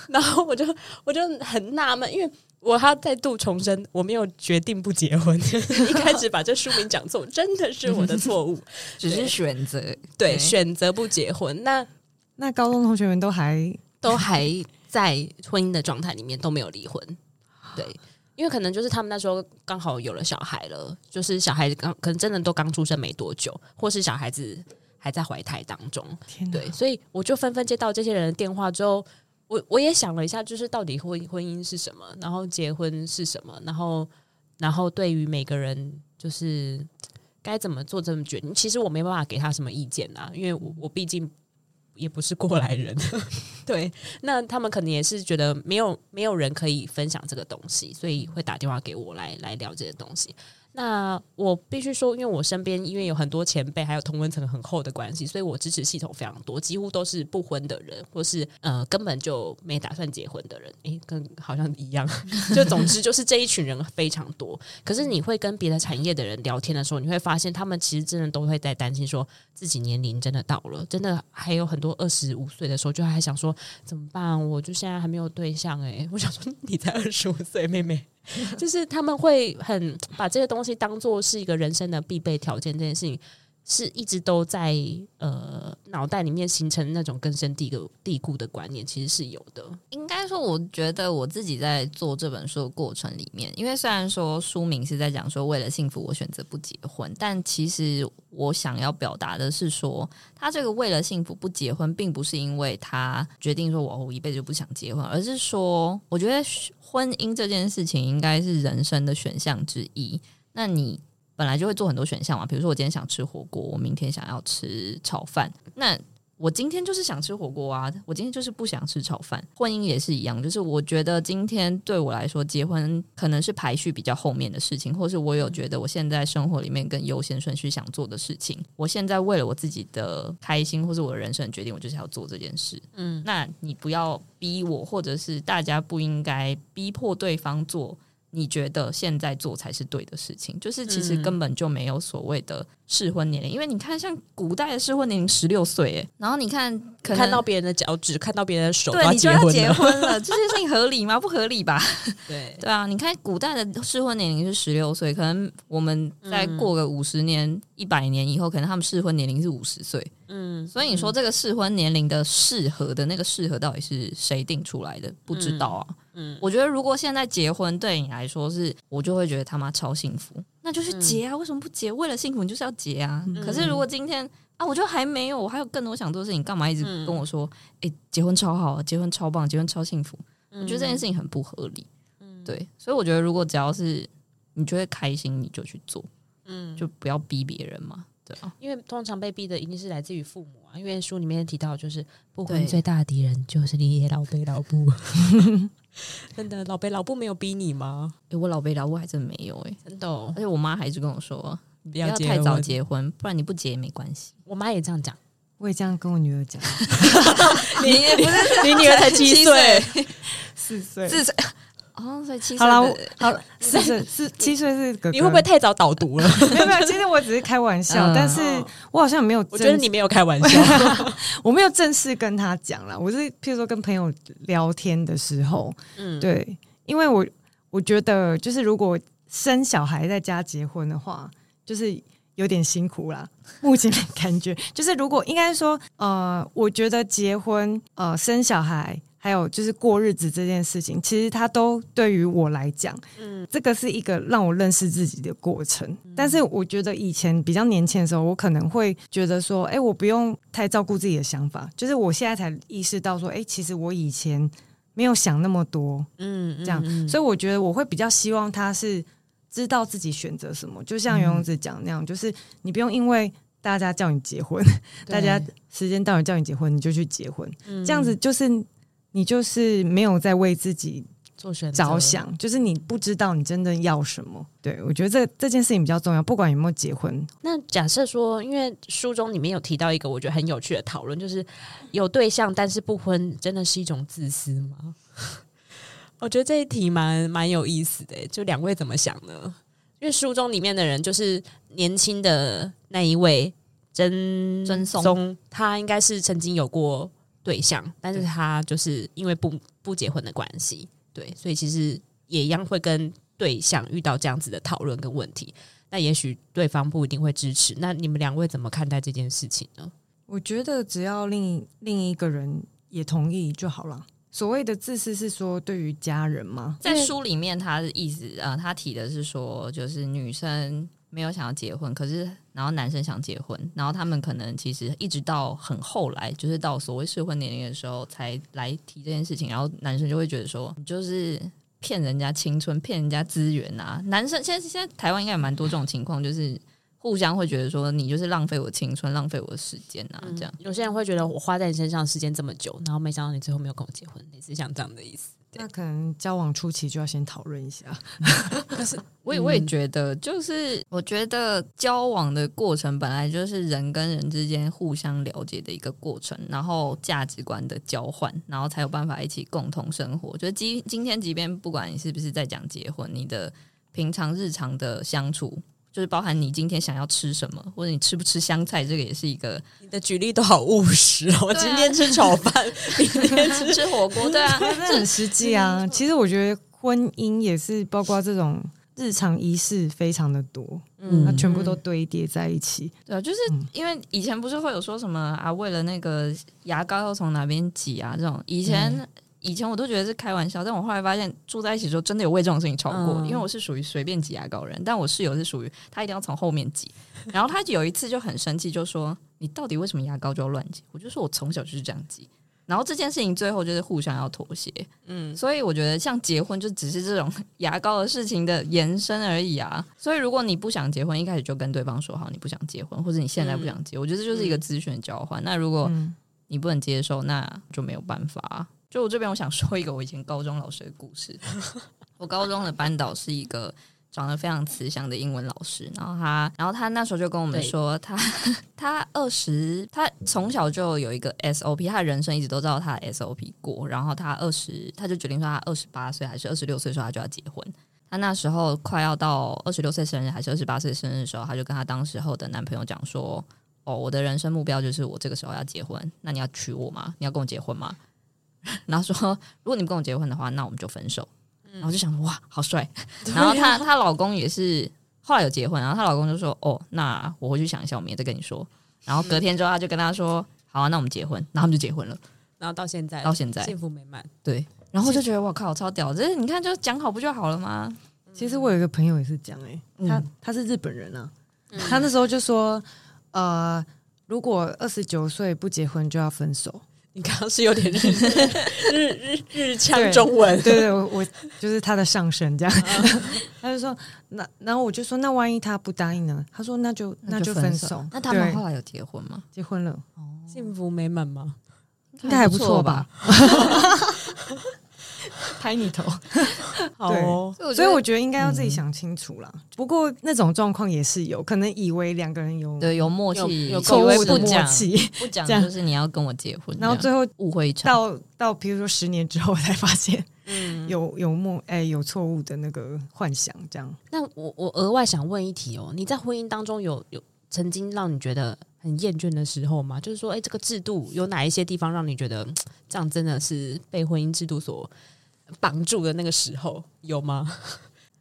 然後我就我就很納悶，因為我還要再度重申，我沒有決定不結婚， 一開始把這書名講錯，真的是我的錯誤，只是選擇對，對，對選擇不結婚。那那高中同學們都還都還在婚姻的狀態裡面，都沒有離婚，對。因為可能就是他們那時候剛好有了小孩了，就是小孩子剛可能真的都剛出生沒多久，或是小孩子還在懷胎當中。天哪！對，所以我就紛紛接到這些人的電話之後，我我也想了一下，就是到底婚婚姻是什麼，然後結婚是什麼，然後然後對於每個人就是該怎麼做這麼決定，其實我沒辦法給他什麼意見啊，因為我我畢竟。也不是過來人， 對，那他們可能也是覺得沒有沒有人可以分享這個東西，所以會打電話給我來來了解這東西。那我必須說，因為我身邊因為有很多前輩，還有同溫層很厚的關係，所以我支持系統非常多，幾乎都是不婚的人，或是呃根本就沒打算結婚的人。誒、欸，跟好像一樣， 就總之就是這一群人非常多。可是你會跟別的產業的人聊天的時候，你會發現他們其實真的都會在擔心，說自己年齡真的到了，真的還有很多二十五歲的時候就還想說怎麼辦？我就現在還沒有對象、欸，誒，我想說你才二十五歲，妹妹。 就是他們會很把這些東西當做是一個人生的必備條件，這件事情。是一直都在呃腦袋裡面形成那種根深蒂固、蒂固的觀念，其實是有的。應該說，我覺得我自己在做這本書的過程裡面，因為雖然說書名是在講說為了幸福我選擇不結婚，但其實我想要表達的是說，他這個為了幸福不結婚，並不是因為他決定說我，我一輩子不想結婚，而是說，我覺得婚姻這件事情應該是人生的選項之一。那你本來就會做很多選項嘛，比如說我今天想吃火鍋，我明天想要吃炒飯。那我今天就是想吃火鍋啊，我今天就是不想吃炒飯。婚姻也是一樣，就是我覺得今天對我來說結婚可能是排序比較後面的事情，或是我有覺得我現在生活裡面更優先順序想做的事情。我現在為了我自己的開心，或是我的人生的決定，我就是要做這件事。嗯，那你不要逼我，或者是大家不應該逼迫對方做。你覺得現在做才是對的事情，就是其實根本就沒有所謂的適婚年齡。嗯、因為你看，像古代的適婚年齡十六歲，然後你看，看到別人的腳趾，看到別人的手，你就對要他結婚了，這件事情合理嗎？不合理吧？對 對啊，你看古代的適婚年齡是十六歲，可能我們再過個五十年。嗯一百年以後，可能他們適婚年齡是五十歲，嗯，所以你說這個適婚年齡的適合、嗯、的那個適合到底是誰定出來的？嗯、不知道啊，嗯，我覺得如果現在結婚對你來說是，我就會覺得他媽超幸福，那就去結啊，嗯、為什麼不結？為了幸福，你就是要結啊。嗯、可是如果今天啊，我就還沒有，我還有更多想做的事情，幹嘛一直跟我說？誒、嗯欸，結婚超好，結婚超棒，結婚超幸福，我覺得這件事情很不合理，嗯，對，所以我覺得如果只要是你覺得開心，你就去做。嗯，就不要逼別人嘛，嗯、對，因為通常被逼的一定是來自於父母啊。因為書裡面提到，就是不婚對最大的敵人就是你老北老母。 真的，老北老母沒有逼你嗎？哎、欸，我老北老母還真沒有誒、欸，真的、哦。而且我媽還一直跟我說、啊，不要,不要太早結婚，不然你不結也沒關係。我媽也這樣講，我也這樣跟我女兒講。 你也不是 你女兒才七歲，四歲歲，四歲。哦，oh, 所以七歲好了，好是是七歲是。歲是哥哥，你會不會太早導讀了？沒有，沒有，其實我只是開玩笑。但是我好像沒有， 我覺得你沒有開玩笑， 我沒有正式跟他講啦。我是譬如說跟朋友聊天的時候，嗯，對，因為我我覺得就是如果生小孩在家結婚的話，就是有點辛苦啦。目前的感覺 就是如果應該說，呃，我覺得結婚呃生小孩。還有就是過日子這件事情，其實它都對於我來講，嗯，這個是一個讓我認識自己的過程。嗯、但是我覺得以前比較年輕的時候，我可能會覺得說，哎，我不用太照顧自己的想法。就是我現在才意識到說，哎，其實我以前沒有想那麼多，嗯，嗯嗯這樣。所以我覺得我會比較希望他是知道自己選擇什麼。就像詠詠子講那樣，嗯、就是你不用因為大家叫你結婚，對大家時間到了叫你結婚，你就去結婚。嗯、這樣子就是。你就是沒有在為自己做選擇、著想，就是你不知道你真的要什麼。對，我覺得這這件事情比較重要，不管有沒有結婚。那假設說，因為書中裡面有提到一個我覺得很有趣的討論，就是有對象但是不婚，真的是一種自私嗎？ 我覺得這一題蠻蠻有意思的，就兩位怎麼想呢？因為書中裡面的人就是年輕的那一位珍珍松，松他應該是曾經有過。對象，但是他就是因為不不結婚的關係，對，所以其實也一樣會跟對象遇到這樣子的討論跟問題。那也許對方不一定會支持。那你們兩位怎麼看待這件事情呢？我覺得只要另另一個人也同意就好了。所謂的自私是說，對於家人嗎？在書裡面他的意思啊，呃，他提的是說，就是女生沒有想要結婚，可是。然後男生想結婚，然後他們可能其實一直到很後來，就是到所謂適婚年齡的時候，才來提這件事情。然後男生就會覺得說，就是騙人家青春，騙人家資源啊。男生現在現在台灣應該有蠻多這種情況，就是互相會覺得說，你就是浪費我青春，浪費我的時間啊。這樣。嗯，有些人會覺得，我花在你身上時間這麼久，然後沒想到你最後沒有跟我結婚，你是想這樣的意思。對 那可能交往初期就要先討論一下，但是我也我也覺得，就是我覺得交往的過程本來就是人跟人之間互相了解的一個過程，然後價值觀的交換，然後才有辦法一起共同生活。覺得今今天，即便不管你是不是在講結婚，你的平常日常的相處。就是包含你今天想要吃什麼，或者你吃不吃香菜，這個也是一個。你的舉例都好務實哦。啊、今天吃炒飯，明天吃吃火鍋，對啊，這很實際啊。 其實我覺得婚姻也是包括這種日常儀式非常的多，嗯，它全部都堆疊在一起。對啊，就是因為以前不是會有說什麼啊，為了那個牙膏要從哪邊擠啊這種，以前。以前我都覺得是開玩笑，但我後來發現住在一起的時候真的有為這種事情吵過。嗯、因為我是屬於隨便擠牙膏人，但我室友是屬於他一定要從後面擠。然後他有一次就很生氣，就說：“ 你到底為什麼牙膏就要亂擠？”我就說：“我從小就是這樣擠。”然後這件事情最後就是互相要妥協。嗯，所以我覺得像結婚就只是這種牙膏的事情的延伸而已啊。所以如果你不想結婚，一開始就跟對方說好你不想結婚，或者你現在不想結，嗯、我覺得這就是一個資訊交換。嗯、那如果你不能接受，那就沒有辦法。就我這邊，我想說一個我以前高中老師的故事。我高中的班導是一個長得非常慈祥的英文老師，然後他，然後他那時候就跟我們說，他他二十，他從小就有一個 SOP，他的人生一直都知道他 SOP 過，然後他二十，他就決定說他二十八歲還是二十六歲的時候他就要結婚。他那時候快要到二十六歲生日還是二十八歲生日的時候，他就跟他當時候的男朋友講說：“哦，我的人生目標就是我這個時候要結婚，那你要娶我嗎？你要跟我結婚嗎？”然後說，如果你不跟我結婚的話，那我們就分手。嗯、然後我就想說哇，好帥。哦、然後她她老公也是後來有結婚，然後她老公就說，哦，那我回去想一下，我們也在跟你說。然後隔天之後，他就跟她說，嗯、好啊，那我們結婚。然後他們就結婚了。然後到現在，到現在幸福美滿。對。然後就覺得，我靠，超屌！是你看，就講好不就好了嗎？其實我有一個朋友也是講，誒，嗯、他他是日本人啊，嗯、他那時候就說，呃，如果二十九歲不結婚就要分手。你剛剛是有點日日日日日腔中文對？對對，我就是他的上身這樣。哦、他就說，那然後我就說，那萬一他不答應呢？啊？他說，那就那就分手。那他們後來有結婚嗎？結婚了，哦、幸福美滿嗎？應該還不錯吧。 拍你頭，好哦，對所以所以我覺得應該要自己想清楚啦。嗯、不過那種狀況也是有可能，以為兩個人有對有默契，有有錯誤的默契，不講樣不講，就是你要跟我結婚，然後最後誤會到到，比如說十年之後才發現，嗯，有有默哎有錯誤的那個幻想這樣。那我我額外想問一題哦，你在婚姻當中有有曾經讓你覺得很厭倦的時候嗎？就是說，哎，這個制度有哪一些地方讓你覺得這樣真的是被婚姻制度所綁住的那個時候有嗎？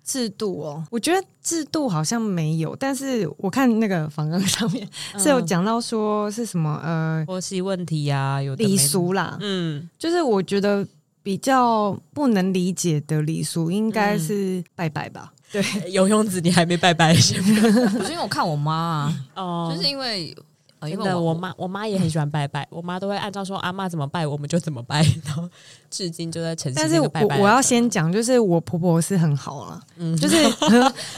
制度哦，我覺得制度好像沒有，但是我看那個訪綱上面是有講到說是什麼、嗯、呃婆媳問題呀、啊，有禮俗啦，嗯，就是我覺得比較不能理解的禮俗應該是拜拜吧。嗯、對、呃，詠詠子你還沒拜拜， 是因為我看我媽哦、啊，嗯、就是因為。因為我，我媽我媽也很喜歡拜拜，嗯、我媽都會按照說阿嬤怎麼拜我們就怎麼拜，然後至今就在城市。但是我，拜拜我我要先講，就是我婆婆是很好了，嗯哼，就是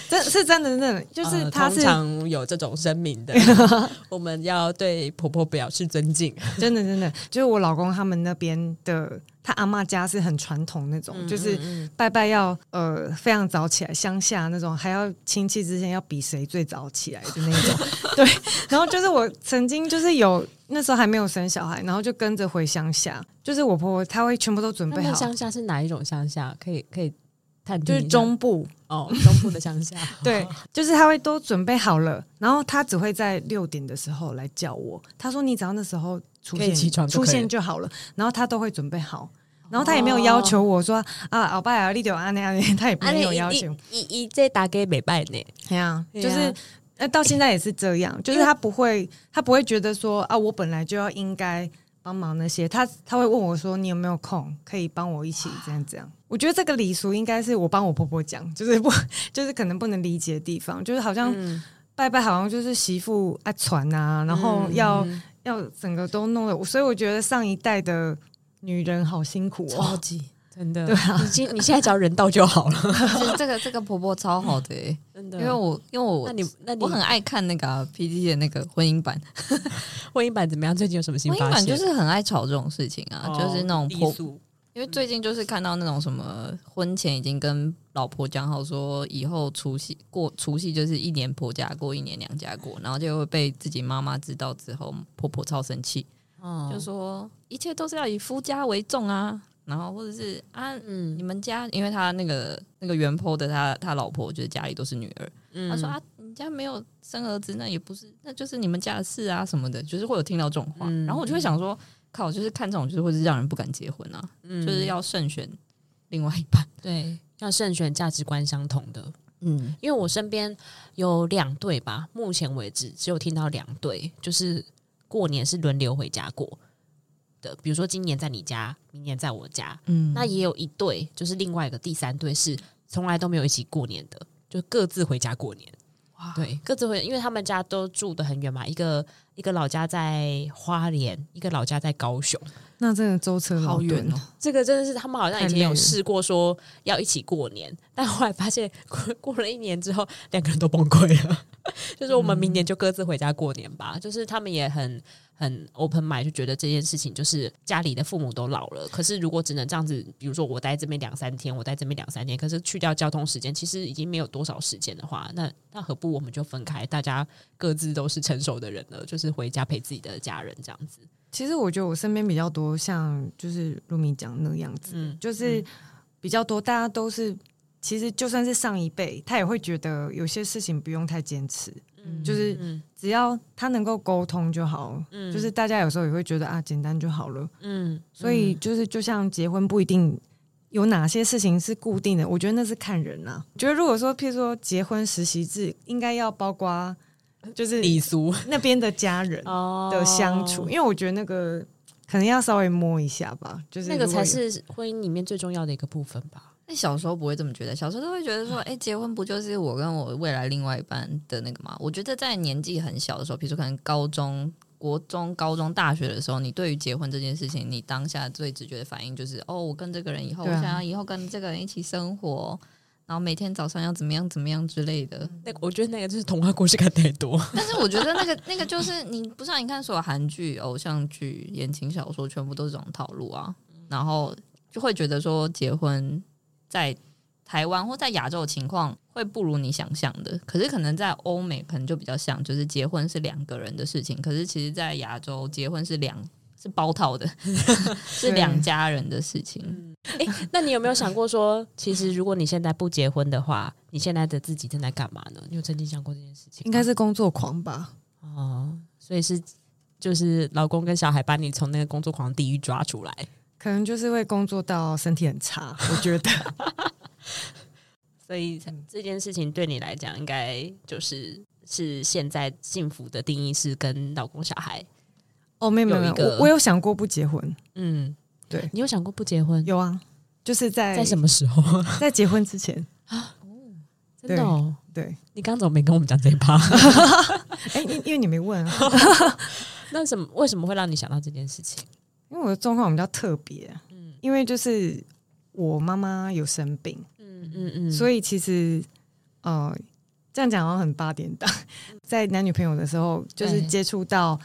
真是真的真的，就是她是、呃、常有這種聲明的， 我們要對婆婆表示尊敬。真的真的，就是我老公他們那邊的。他阿嬤家是很傳統那種，嗯嗯嗯。就是拜拜要呃非常早起來，鄉下那種還要親戚之間要比誰最早起來的那種。 對，然後就是我曾經就是有那時候還沒有生小孩，然後就跟着回鄉下，就是我婆婆她會全部都準備好。鄉下是哪一種鄉下？可以可以探聽就是中部哦，中部的鄉下。 對，就是她會都準備好了，然後她只會在六點的時候來叫我。她說：“你早上的時候。”出現就好了。然後他都會準備好，然後他也沒有要求我說啊，阿拜啊，你姐啊，那啊他也沒有要求。一一再打給拜拜，對啊，就是到現在也是這樣，就是他不會，他不會覺得說啊，我本來就要應該幫忙那些，他他會問我說，你有沒有空可以幫我一起這樣這樣？我覺得這個禮俗應該是我幫我婆婆講，就是不就是可能不能理解的地方，就是好像拜拜好像就是媳婦愛傳啊，然後要。要整個都弄得，所以我覺得上一代的女人好辛苦哦，超級、哦、真的，對啊，已經你，你現在只要人到就好了。這個這個婆婆超好的、嗯，真的，因為我因為我那你那你我很愛看那個、啊、P D 的那個婚姻版。 婚姻版怎麼樣？最近有什麼新？婚姻版就是很愛炒這種事情啊，哦、就是那種婆。因為最近就是看到那種什麼，婚前已經跟老婆講好，說以後除夕過除夕就是一年婆家過一年娘家過，然後就會被自己媽媽知道之後，婆婆超生氣，就是說一切都是要以夫家為重啊。然後或者是啊，你們家，因為他那個那個原婆的他他老婆，就是家裡都是女兒，他說啊，你家沒有生兒子，那也不是，那就是你們家的事啊什麼的，就是會有聽到這種話，然後我就會想說。靠，就是看這種，就是會是讓人不敢結婚啊。嗯，就是要慎選另外一半，對，要慎選價值觀相同的。嗯，因為我身邊有兩對吧，目前為止只有聽到兩對，就是過年是輪流回家過的。比如說今年在你家，明年在我家，嗯，那也有一對，就是另外一個第三對是從來都沒有一起過年的，就各自回家過年。對，各自回，因為他們家都住得很遠嘛，一個一個老家在花蓮，一個老家在高雄，那這個舟車好遠哦。這個真的是他們好像以前有試過說要一起過年，但後來發現過了一年之後，兩個人都崩潰了。 就是我們明年就各自回家過年吧。嗯、就是他們也很很 open mind，就覺得這件事情就是家裡的父母都老了。可是如果只能這樣子，比如說我待這邊兩三天，我待這邊兩三天，可是去掉交通時間，其實已經沒有多少時間的話，那那何不我們就分開？大家各自都是成熟的人了，就是回家陪自己的家人這樣子。其實我覺得我身邊比較多像就是露米講那個樣子，嗯、就是比較多大家都是。其實就算是上一輩，他也會覺得有些事情不用太堅持，嗯、就是只要他能夠溝通就好。嗯、就是大家有時候也會覺得啊，簡單就好了。嗯，所以就是就像結婚不一定有哪些事情是固定的，我覺得那是看人啊。嗯、覺得如果說譬如說結婚實習制，應該要包括就是禮俗那邊的家人的相處， 哦、因為我覺得那個可能要稍微摸一下吧，就是那個才是婚姻裡面最重要的一個部分吧。那小時候不會這麼覺得，小時候都會覺得說，誒、欸，結婚不就是我跟我未來另外一半的那個嗎？我覺得在年紀很小的時候，比如說可能高中、國中、高中、大學的時候，你對於結婚這件事情，你當下最直覺的反應就是，哦，我跟這個人以後，啊、我想要以後跟這個人一起生活，然後每天早上要怎麼樣怎麼樣之類的。那個我覺得那個就是童話故事看太多。 但是我覺得那個那個就是，你不像你看所有韓劇、偶像劇、言情小說，全部都是這種套路啊，然後就會覺得說結婚。在台灣或在亞洲的情況會不如你想象的，可是可能在歐美可能就比較像，就是結婚是兩個人的事情。可是其實，在亞洲結婚是兩是包套的， 對是兩家人的事情。嗯。欸，那你有沒有想過說， 其實如果你現在不結婚的話，你現在的自己正在幹嘛呢？你有曾經想過這件事情？應該是工作狂吧？哦，所以是就是老公跟小孩把你從那個工作狂地獄抓出來。可能就是會工作到身體很差， 我覺得。所以這件事情對你來講，應該就是是現在幸福的定義是跟老公、小孩。哦，沒有沒有，我我有想過不結婚。嗯，對，你有想過不結婚？有啊，就是在在什麼時候？在結婚之前 哦，真的對哦，對。你剛剛怎麼沒跟我們講這一趴 欸？哎，因因為你沒問啊。 那什麼？為什麼會讓你想到這件事情？因為我的狀況比較特別，嗯，因為就是我媽媽有生病，嗯嗯嗯，嗯嗯所以其實呃，這樣講好像很八點檔。在男女朋友的時候，就是接觸到，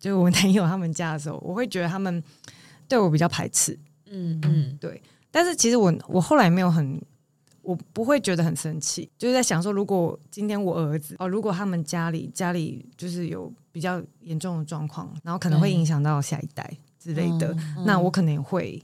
就是我男友他們家的時候，我會覺得他們對我比較排斥，嗯嗯，嗯對。但是其實我我後來沒有很，我不會覺得很生氣，就是在想說，如果今天我兒子哦、呃，如果他們家裡家裡就是有比較嚴重的狀況，然後可能會影響到下一代。嗯之類的，嗯嗯、那我可能會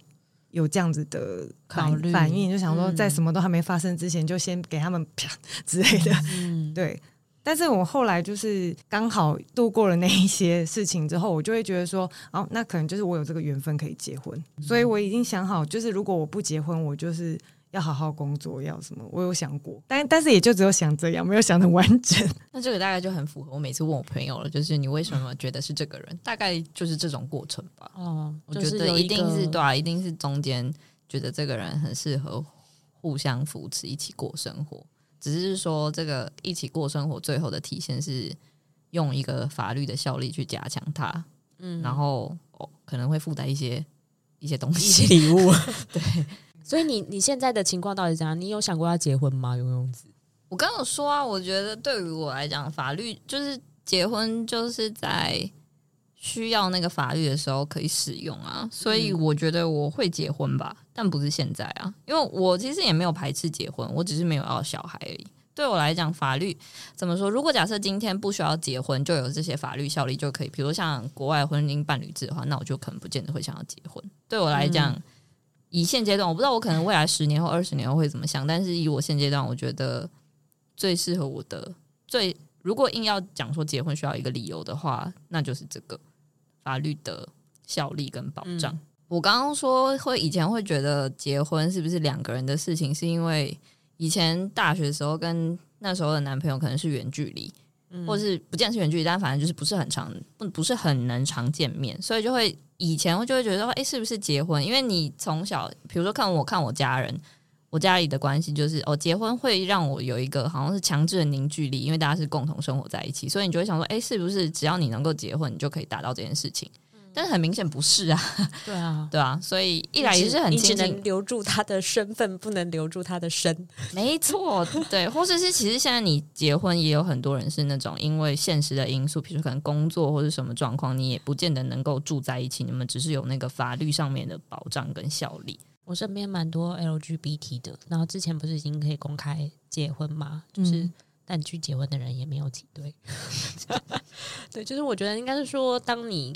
有這樣子的考慮反應，就想說在什麼都還沒發生之前，嗯，就先給他們啪之類的，嗯、對。但是我後來就是剛好度過了那一些事情之後，我就會覺得說，哦，那可能就是我有這個緣分可以結婚，所以我已經想好，就是如果我不結婚，我就是。要好好工作，要什麼？我有想過，但但是也就只有想這樣，沒有想的完整。那這個大概就很符合我每次問我朋友了，就是你為什麼覺得是這個人？嗯、大概就是這種過程吧。哦，就是、我覺得一定是對、啊，一定是中間覺得這個人很適合互相扶持，一起過生活。只是說這個一起過生活最後的體現是用一個法律的效力去加強它，嗯，然後、哦、可能會附帶一些一些東西禮物， 對。所以你你現在的情況到底怎樣？你有想過要結婚嗎？詠詠子，我剛有說啊，我覺得對於我來講，法律就是結婚，就是在需要那個法律的時候可以使用啊。所以我覺得我會結婚吧，嗯、但不是現在啊，因為我其實也沒有排斥結婚，我只是沒有要小孩而已。對我來講，法律怎麼說？如果假設今天不需要結婚，就有這些法律效力就可以，比如像國外婚姻伴侶制的話，那我就可能不見得會想要結婚。對我來講。嗯以現階段，我不知道我可能未來十年或二十年會怎麼想，但是以我現階段，我覺得最適合我的最，如果硬要講說結婚需要一個理由的話，那就是這個法律的效力跟保障。嗯、我剛剛說會以前會覺得結婚是不是兩個人的事情，是因為以前大學的時候跟那時候的男朋友可能是遠距離，嗯、或者是不見是遠距離，但反正就是不是很常不不是很能常見面，所以就會。以前我就會覺得說，欸，是不是結婚？因為你從小，比如說看我看我家人，我家裡的關係就是，哦，結婚會讓我有一個好像是強制的凝聚力，因為大家是共同生活在一起，所以你就會想說，欸，是不是只要你能夠結婚，你就可以達到這件事情。但是很明顯不是啊，對啊，對啊，所以一來也是很清，你只能留住他的身份，不能留住他的身，沒錯，對，或者是，是其實現在你結婚也有很多人是那種因為現實的因素，比如可能工作或者什麼狀況，你也不見得能夠住在一起，你們只是有那個法律上面的保障跟效力。我身邊蠻多 LGBT 的，然後之前不是已經可以公開結婚嗎？就是、嗯、但去結婚的人也沒有幾對， 對，就是我覺得應該是說當你。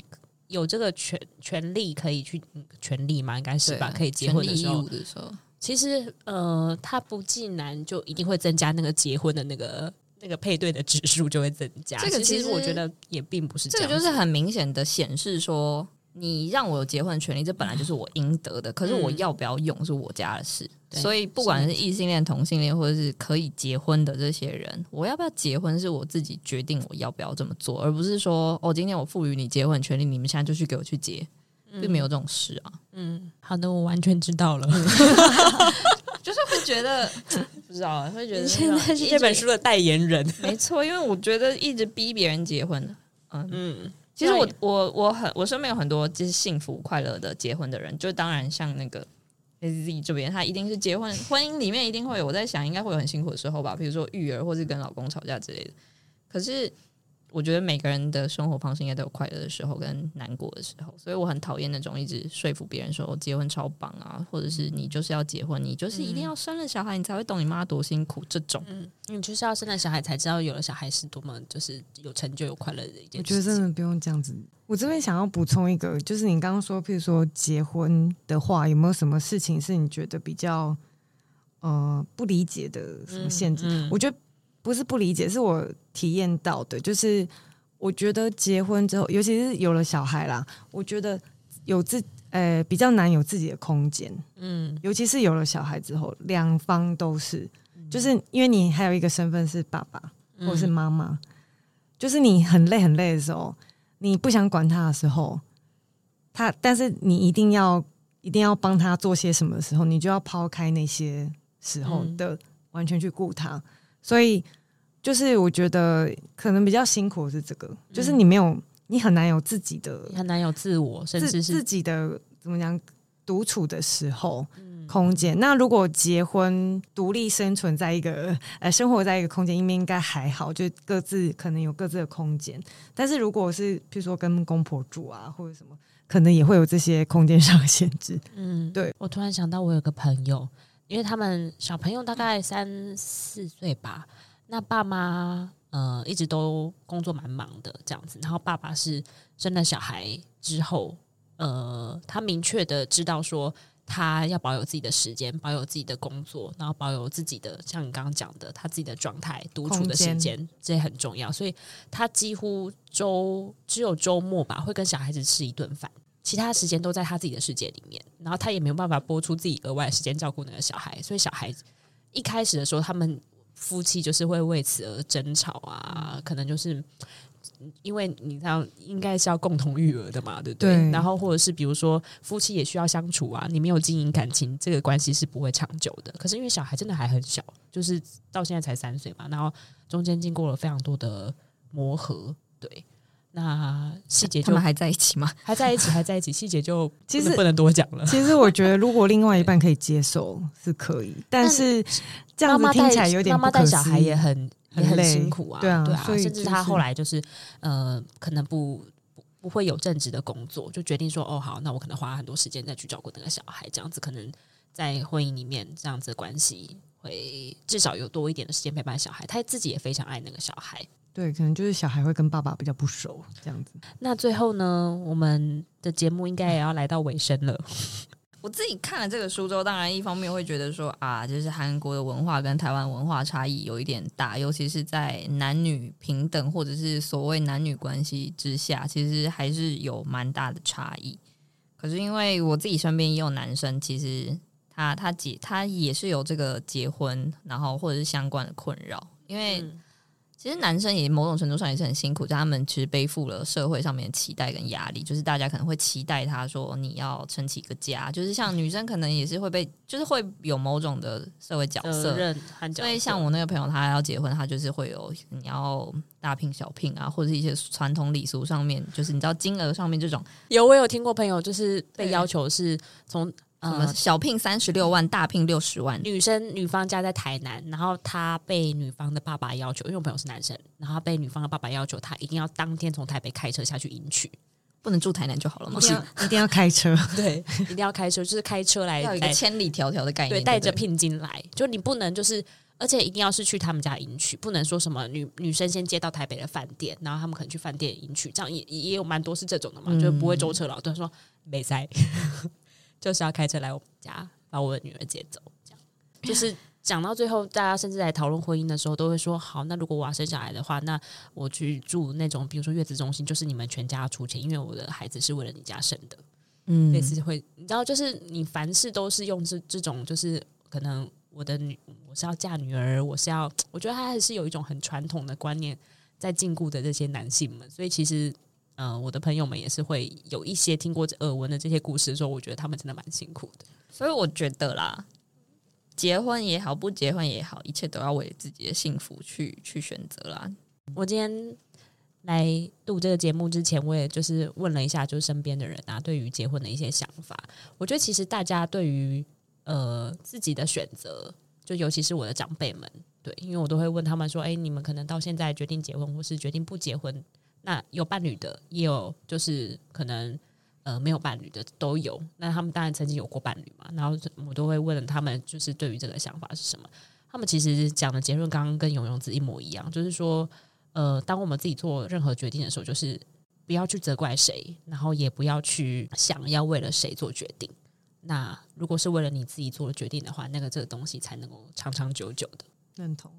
有這個權權利可以去權利嘛？應該是吧？對可以結婚的時候，時候其實呃，他不進男就一定會增加那個結婚的那個、嗯、那個配對的指數就會增加。這個其實，其實我覺得也並不是，這個就是很明顯的顯示說，你讓我有結婚的權利，這本來就是我應得的。嗯、可是我要不要用是我家的事。對所以，不管是異性戀、是同性戀，或者是可以結婚的這些人，我要不要結婚是我自己決定，我要不要這麼做，而不是說，哦，今天我賦予你結婚權利，你們現在就去給我去結，並、嗯、沒有這種事啊。嗯，好的，我完全知道了， 就是會覺得 不知道，會覺得現在是這本書的代言人，沒錯，因為我覺得一直逼別人結婚，嗯嗯，其實我對我我很我身邊有很多就是幸福快樂的結婚的人，就當然像那個。在這邊他一定是結婚，婚姻裡面一定會有，我在想應該會有很辛苦的時候吧，比如說育兒或是跟老公吵架之類的。可是。我覺得每個人的生活方式應該都有快樂的時候跟難過的時候，所以我很討厭那種一直說服別人說我結婚超棒啊，或者是你就是要結婚，你就是一定要生了小孩你才會懂你媽多辛苦這種。嗯，你就是要生了小孩才知道有了小孩是多麼就是有成就有快樂的一件事。我覺得真的不用這樣子。我這邊想要補充一個，就是你剛剛說，譬如說結婚的話，有沒有什麼事情是你覺得比較，呃，不理解的什麼限制？嗯嗯。我覺得。不是不理解，是我體驗到的。就是我覺得結婚之後，尤其是有了小孩啦，我覺得有自呃比較難有自己的空間。嗯，尤其是有了小孩之後，兩方都是，嗯、就是因為你還有一個身份是爸爸或是媽媽，嗯、就是你很累很累的時候，你不想管他的時候，他但是你一定要一定要幫他做些什麼的時候，你就要拋開那些時候的，嗯、完全去顧他。所以，就是我覺得可能比較辛苦是這個，嗯、就是你沒有，你很難有自己的，很難有自我，甚至是自，自己的怎麼講獨處的時候、嗯、空間。那如果結婚獨立生存在一個呃生活在一個空間，應該應該還好，就各自可能有各自的空間。但是如果是比如說跟公婆住啊，或者什麼，可能也會有這些空間上的限制。嗯，對。我突然想到，我有個朋友。因為他們小朋友大概三四歲吧，嗯、那爸媽呃一直都工作蠻忙的這樣子，然後爸爸是生了小孩之後，呃，他明確的知道說他要保有自己的時間，保有自己的工作，然後保有自己的像你剛剛講的他自己的狀態、獨處的時間，空間，這很重要，所以他幾乎週只有週末吧會跟小孩子吃一頓飯。其他時間都在他自己的世界裡面，然後他也沒有辦法撥出自己額外的時間照顧那個小孩，所以小孩一開始的時候，他們夫妻就是會為此而爭吵啊，可能就是因為你看，應該是要共同育兒的嘛，對不對？對，然後或者是比如說夫妻也需要相處啊，你沒有經營感情，這個關係是不會長久的。可是因為小孩真的還很小，就是到現在才三歲嘛，然後中間經過了非常多的磨合，對。那細節他們還在一起嗎？還在一起，還在一起。細節就其實不能多講了其實。其實我覺得，如果另外一半可以接受，是可以。但是這樣子聽起來有點，媽媽帶小孩也很也很辛苦啊，對啊。就是、甚至他後來就是呃，可能不不，不，不會有正職的工作，就決定說，哦，好，那我可能花很多時間再去照顧那個小孩。這樣子可能在婚姻裡面，這樣子關係會至少有多一點的時間陪伴小孩。他自己也非常愛那個小孩。對，可能就是小孩會跟爸爸比較不熟這樣子。那最後呢，我們的節目應該也要來到尾聲了。我自己看了這個書之後，當然一方面會覺得說啊，就是韓國的文化跟台灣文化差異有一點大，尤其是在男女平等或者是所謂男女關係之下，其實還是有蠻大的差異。可是因為我自己身邊也有男生，其實他他結他也是有這個結婚，然後或者是相關的困擾，因為。嗯其實男生也某種程度上也是很辛苦，就他們其實背負了社會上面的期待跟壓力，就是大家可能會期待他說，你要撐起一個家，就是像女生可能也是會被，就是會有某種的社會角色。因為像我那個朋友，他要結婚，他就是會有你要大聘小聘啊，或者是一些傳統禮俗上面，就是你知道金額上面這種。有我有聽過朋友就是被要求是從。呃、小聘三十六萬，大聘六十萬。呃、女生女方家在台南，然後她被女方的爸爸要求，因為我朋友是男生，然後被女方的爸爸要求，他一定要當天從台北開車下去迎娶，不能住台南就好了嘛？一定要開車， 對，一定要開車，就是開車來，一個千里迢迢的概念， 對，帶着聘金來，就你不能就是，而且一定要是去他們家迎娶，不能說什麼女女生先接到台北的飯店，然後他們可能去飯店迎娶，這樣也也有蠻多是這種的嘛，就是不會舟車勞頓，說沒塞。嗯 就是要開車來我們家把我的女兒接走，這樣就是講到最後，大家甚至在討論婚姻的時候，都會說：好，那如果我要生小孩的話，那我去住那種，比如說月子中心，就是你們全家出錢，因為我的孩子是為了你家生的。嗯，類似會，你知道，就是你凡事都是用這這種，就是可能我的女，我是要嫁女兒，我是要，我覺得他還是有一種很傳統的觀念在禁錮著這些男性們，所以其實。嗯、呃，我的朋友們也是會有一些聽過耳聞的這些故事說，說我覺得他們真的蠻辛苦的。所以我覺得啦，結婚也好，不結婚也好，一切都要為自己的幸福去去選擇啦。我今天來錄這個節目之前，我也就是問了一下，就是身邊的人啊，對於結婚的一些想法。我覺得其實大家對於呃自己的選擇，就尤其是我的長輩們，對，因為我都會問他們說，誒，你們可能到現在決定結婚，或是決定不結婚。那有伴侶的，也有就是可能呃沒有伴侶的都有。那他們當然曾經有過伴侶嘛，然後我都會問他們，就是對於這個想法是什麼。他們其實講的結論剛剛跟詠詠子一模一樣，就是說，呃，當我們自己做任何決定的時候，就是不要去責怪誰，然後也不要去想要為了誰做決定。那如果是為了你自己做了決定的話，那個這個東西才能夠長長久久的認同。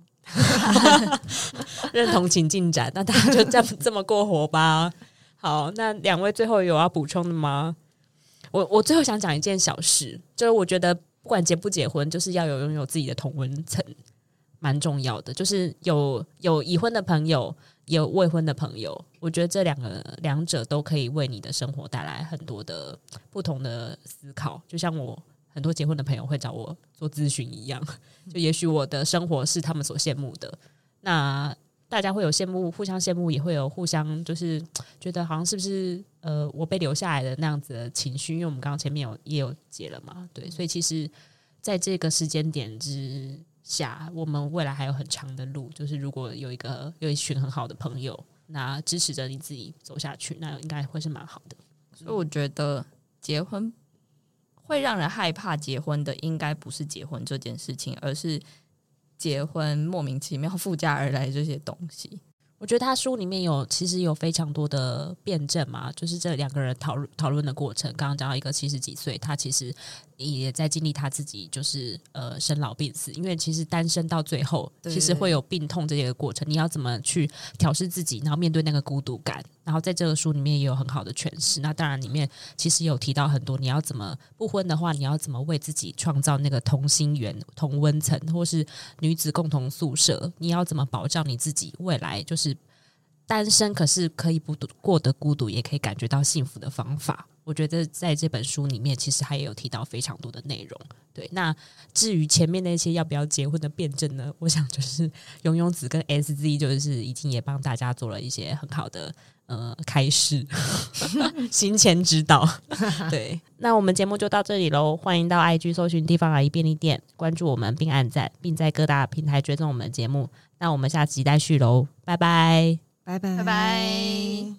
認同情進展，那大家就這樣 這麼過活吧。好，那兩位最後有要補充的嗎？我我最後想講一件小事，就是我覺得不管結不結婚，就是要有擁有自己的同溫層，蠻重要的。就是有有已婚的朋友，有未婚的朋友，我覺得這兩個兩者都可以為你的生活帶來很多的不同的思考。就像我。很多結婚的朋友會找我做諮詢一樣，就也許我的生活是他們所羨慕的。那大家會有羨慕，互相羨慕，也會有互相，就是覺得好像是不是呃，我被留下來的那樣子的情緒。因為我們剛剛前面有也有結了嘛，對，嗯、所以其實在這個時間點之下，我們未來還有很長的路。就是如果有一個有一群很好的朋友，那支持着你自己走下去，那應該會是蠻好的。所以我覺得結婚。會讓人害怕結婚的，應該不是結婚這件事情，而是結婚莫名其妙附加而來這些東西。我覺得他書裡面有其實有非常多的辯證嘛，就是這兩個人討論討論的過程。剛剛講到一個七十幾歲，他其實。也在經歷他自己，就是呃生老病死，因為其實單身到最後，對對對其實會有病痛這些過程。你要怎麼去調適自己，然後面對那個孤獨感？然後在這個書裡面也有很好的詮釋。那當然裡面其實也有提到很多，你要怎麼不婚的話，你要怎麼為自己創造那個同心圓、同溫層，或是女子共同宿舍？你要怎麼保障你自己未來？就是。單身可是可以不獨過得孤獨，也可以感覺到幸福的方法。我覺得在這本書裡面，其實他也有提到非常多的內容。對，那至於前面那些要不要結婚的辯證呢？我想就是詠詠子跟 S Z 就是已經也幫大家做了一些很好的呃開示。行 前指導。 對， 那我們節目就到這裡嘍。歡迎到 IG 搜尋地方阿姨便利店，關注我們並按讚，並在各大平台追蹤我們的節目。那我們下期再續嘍，拜拜。拜拜。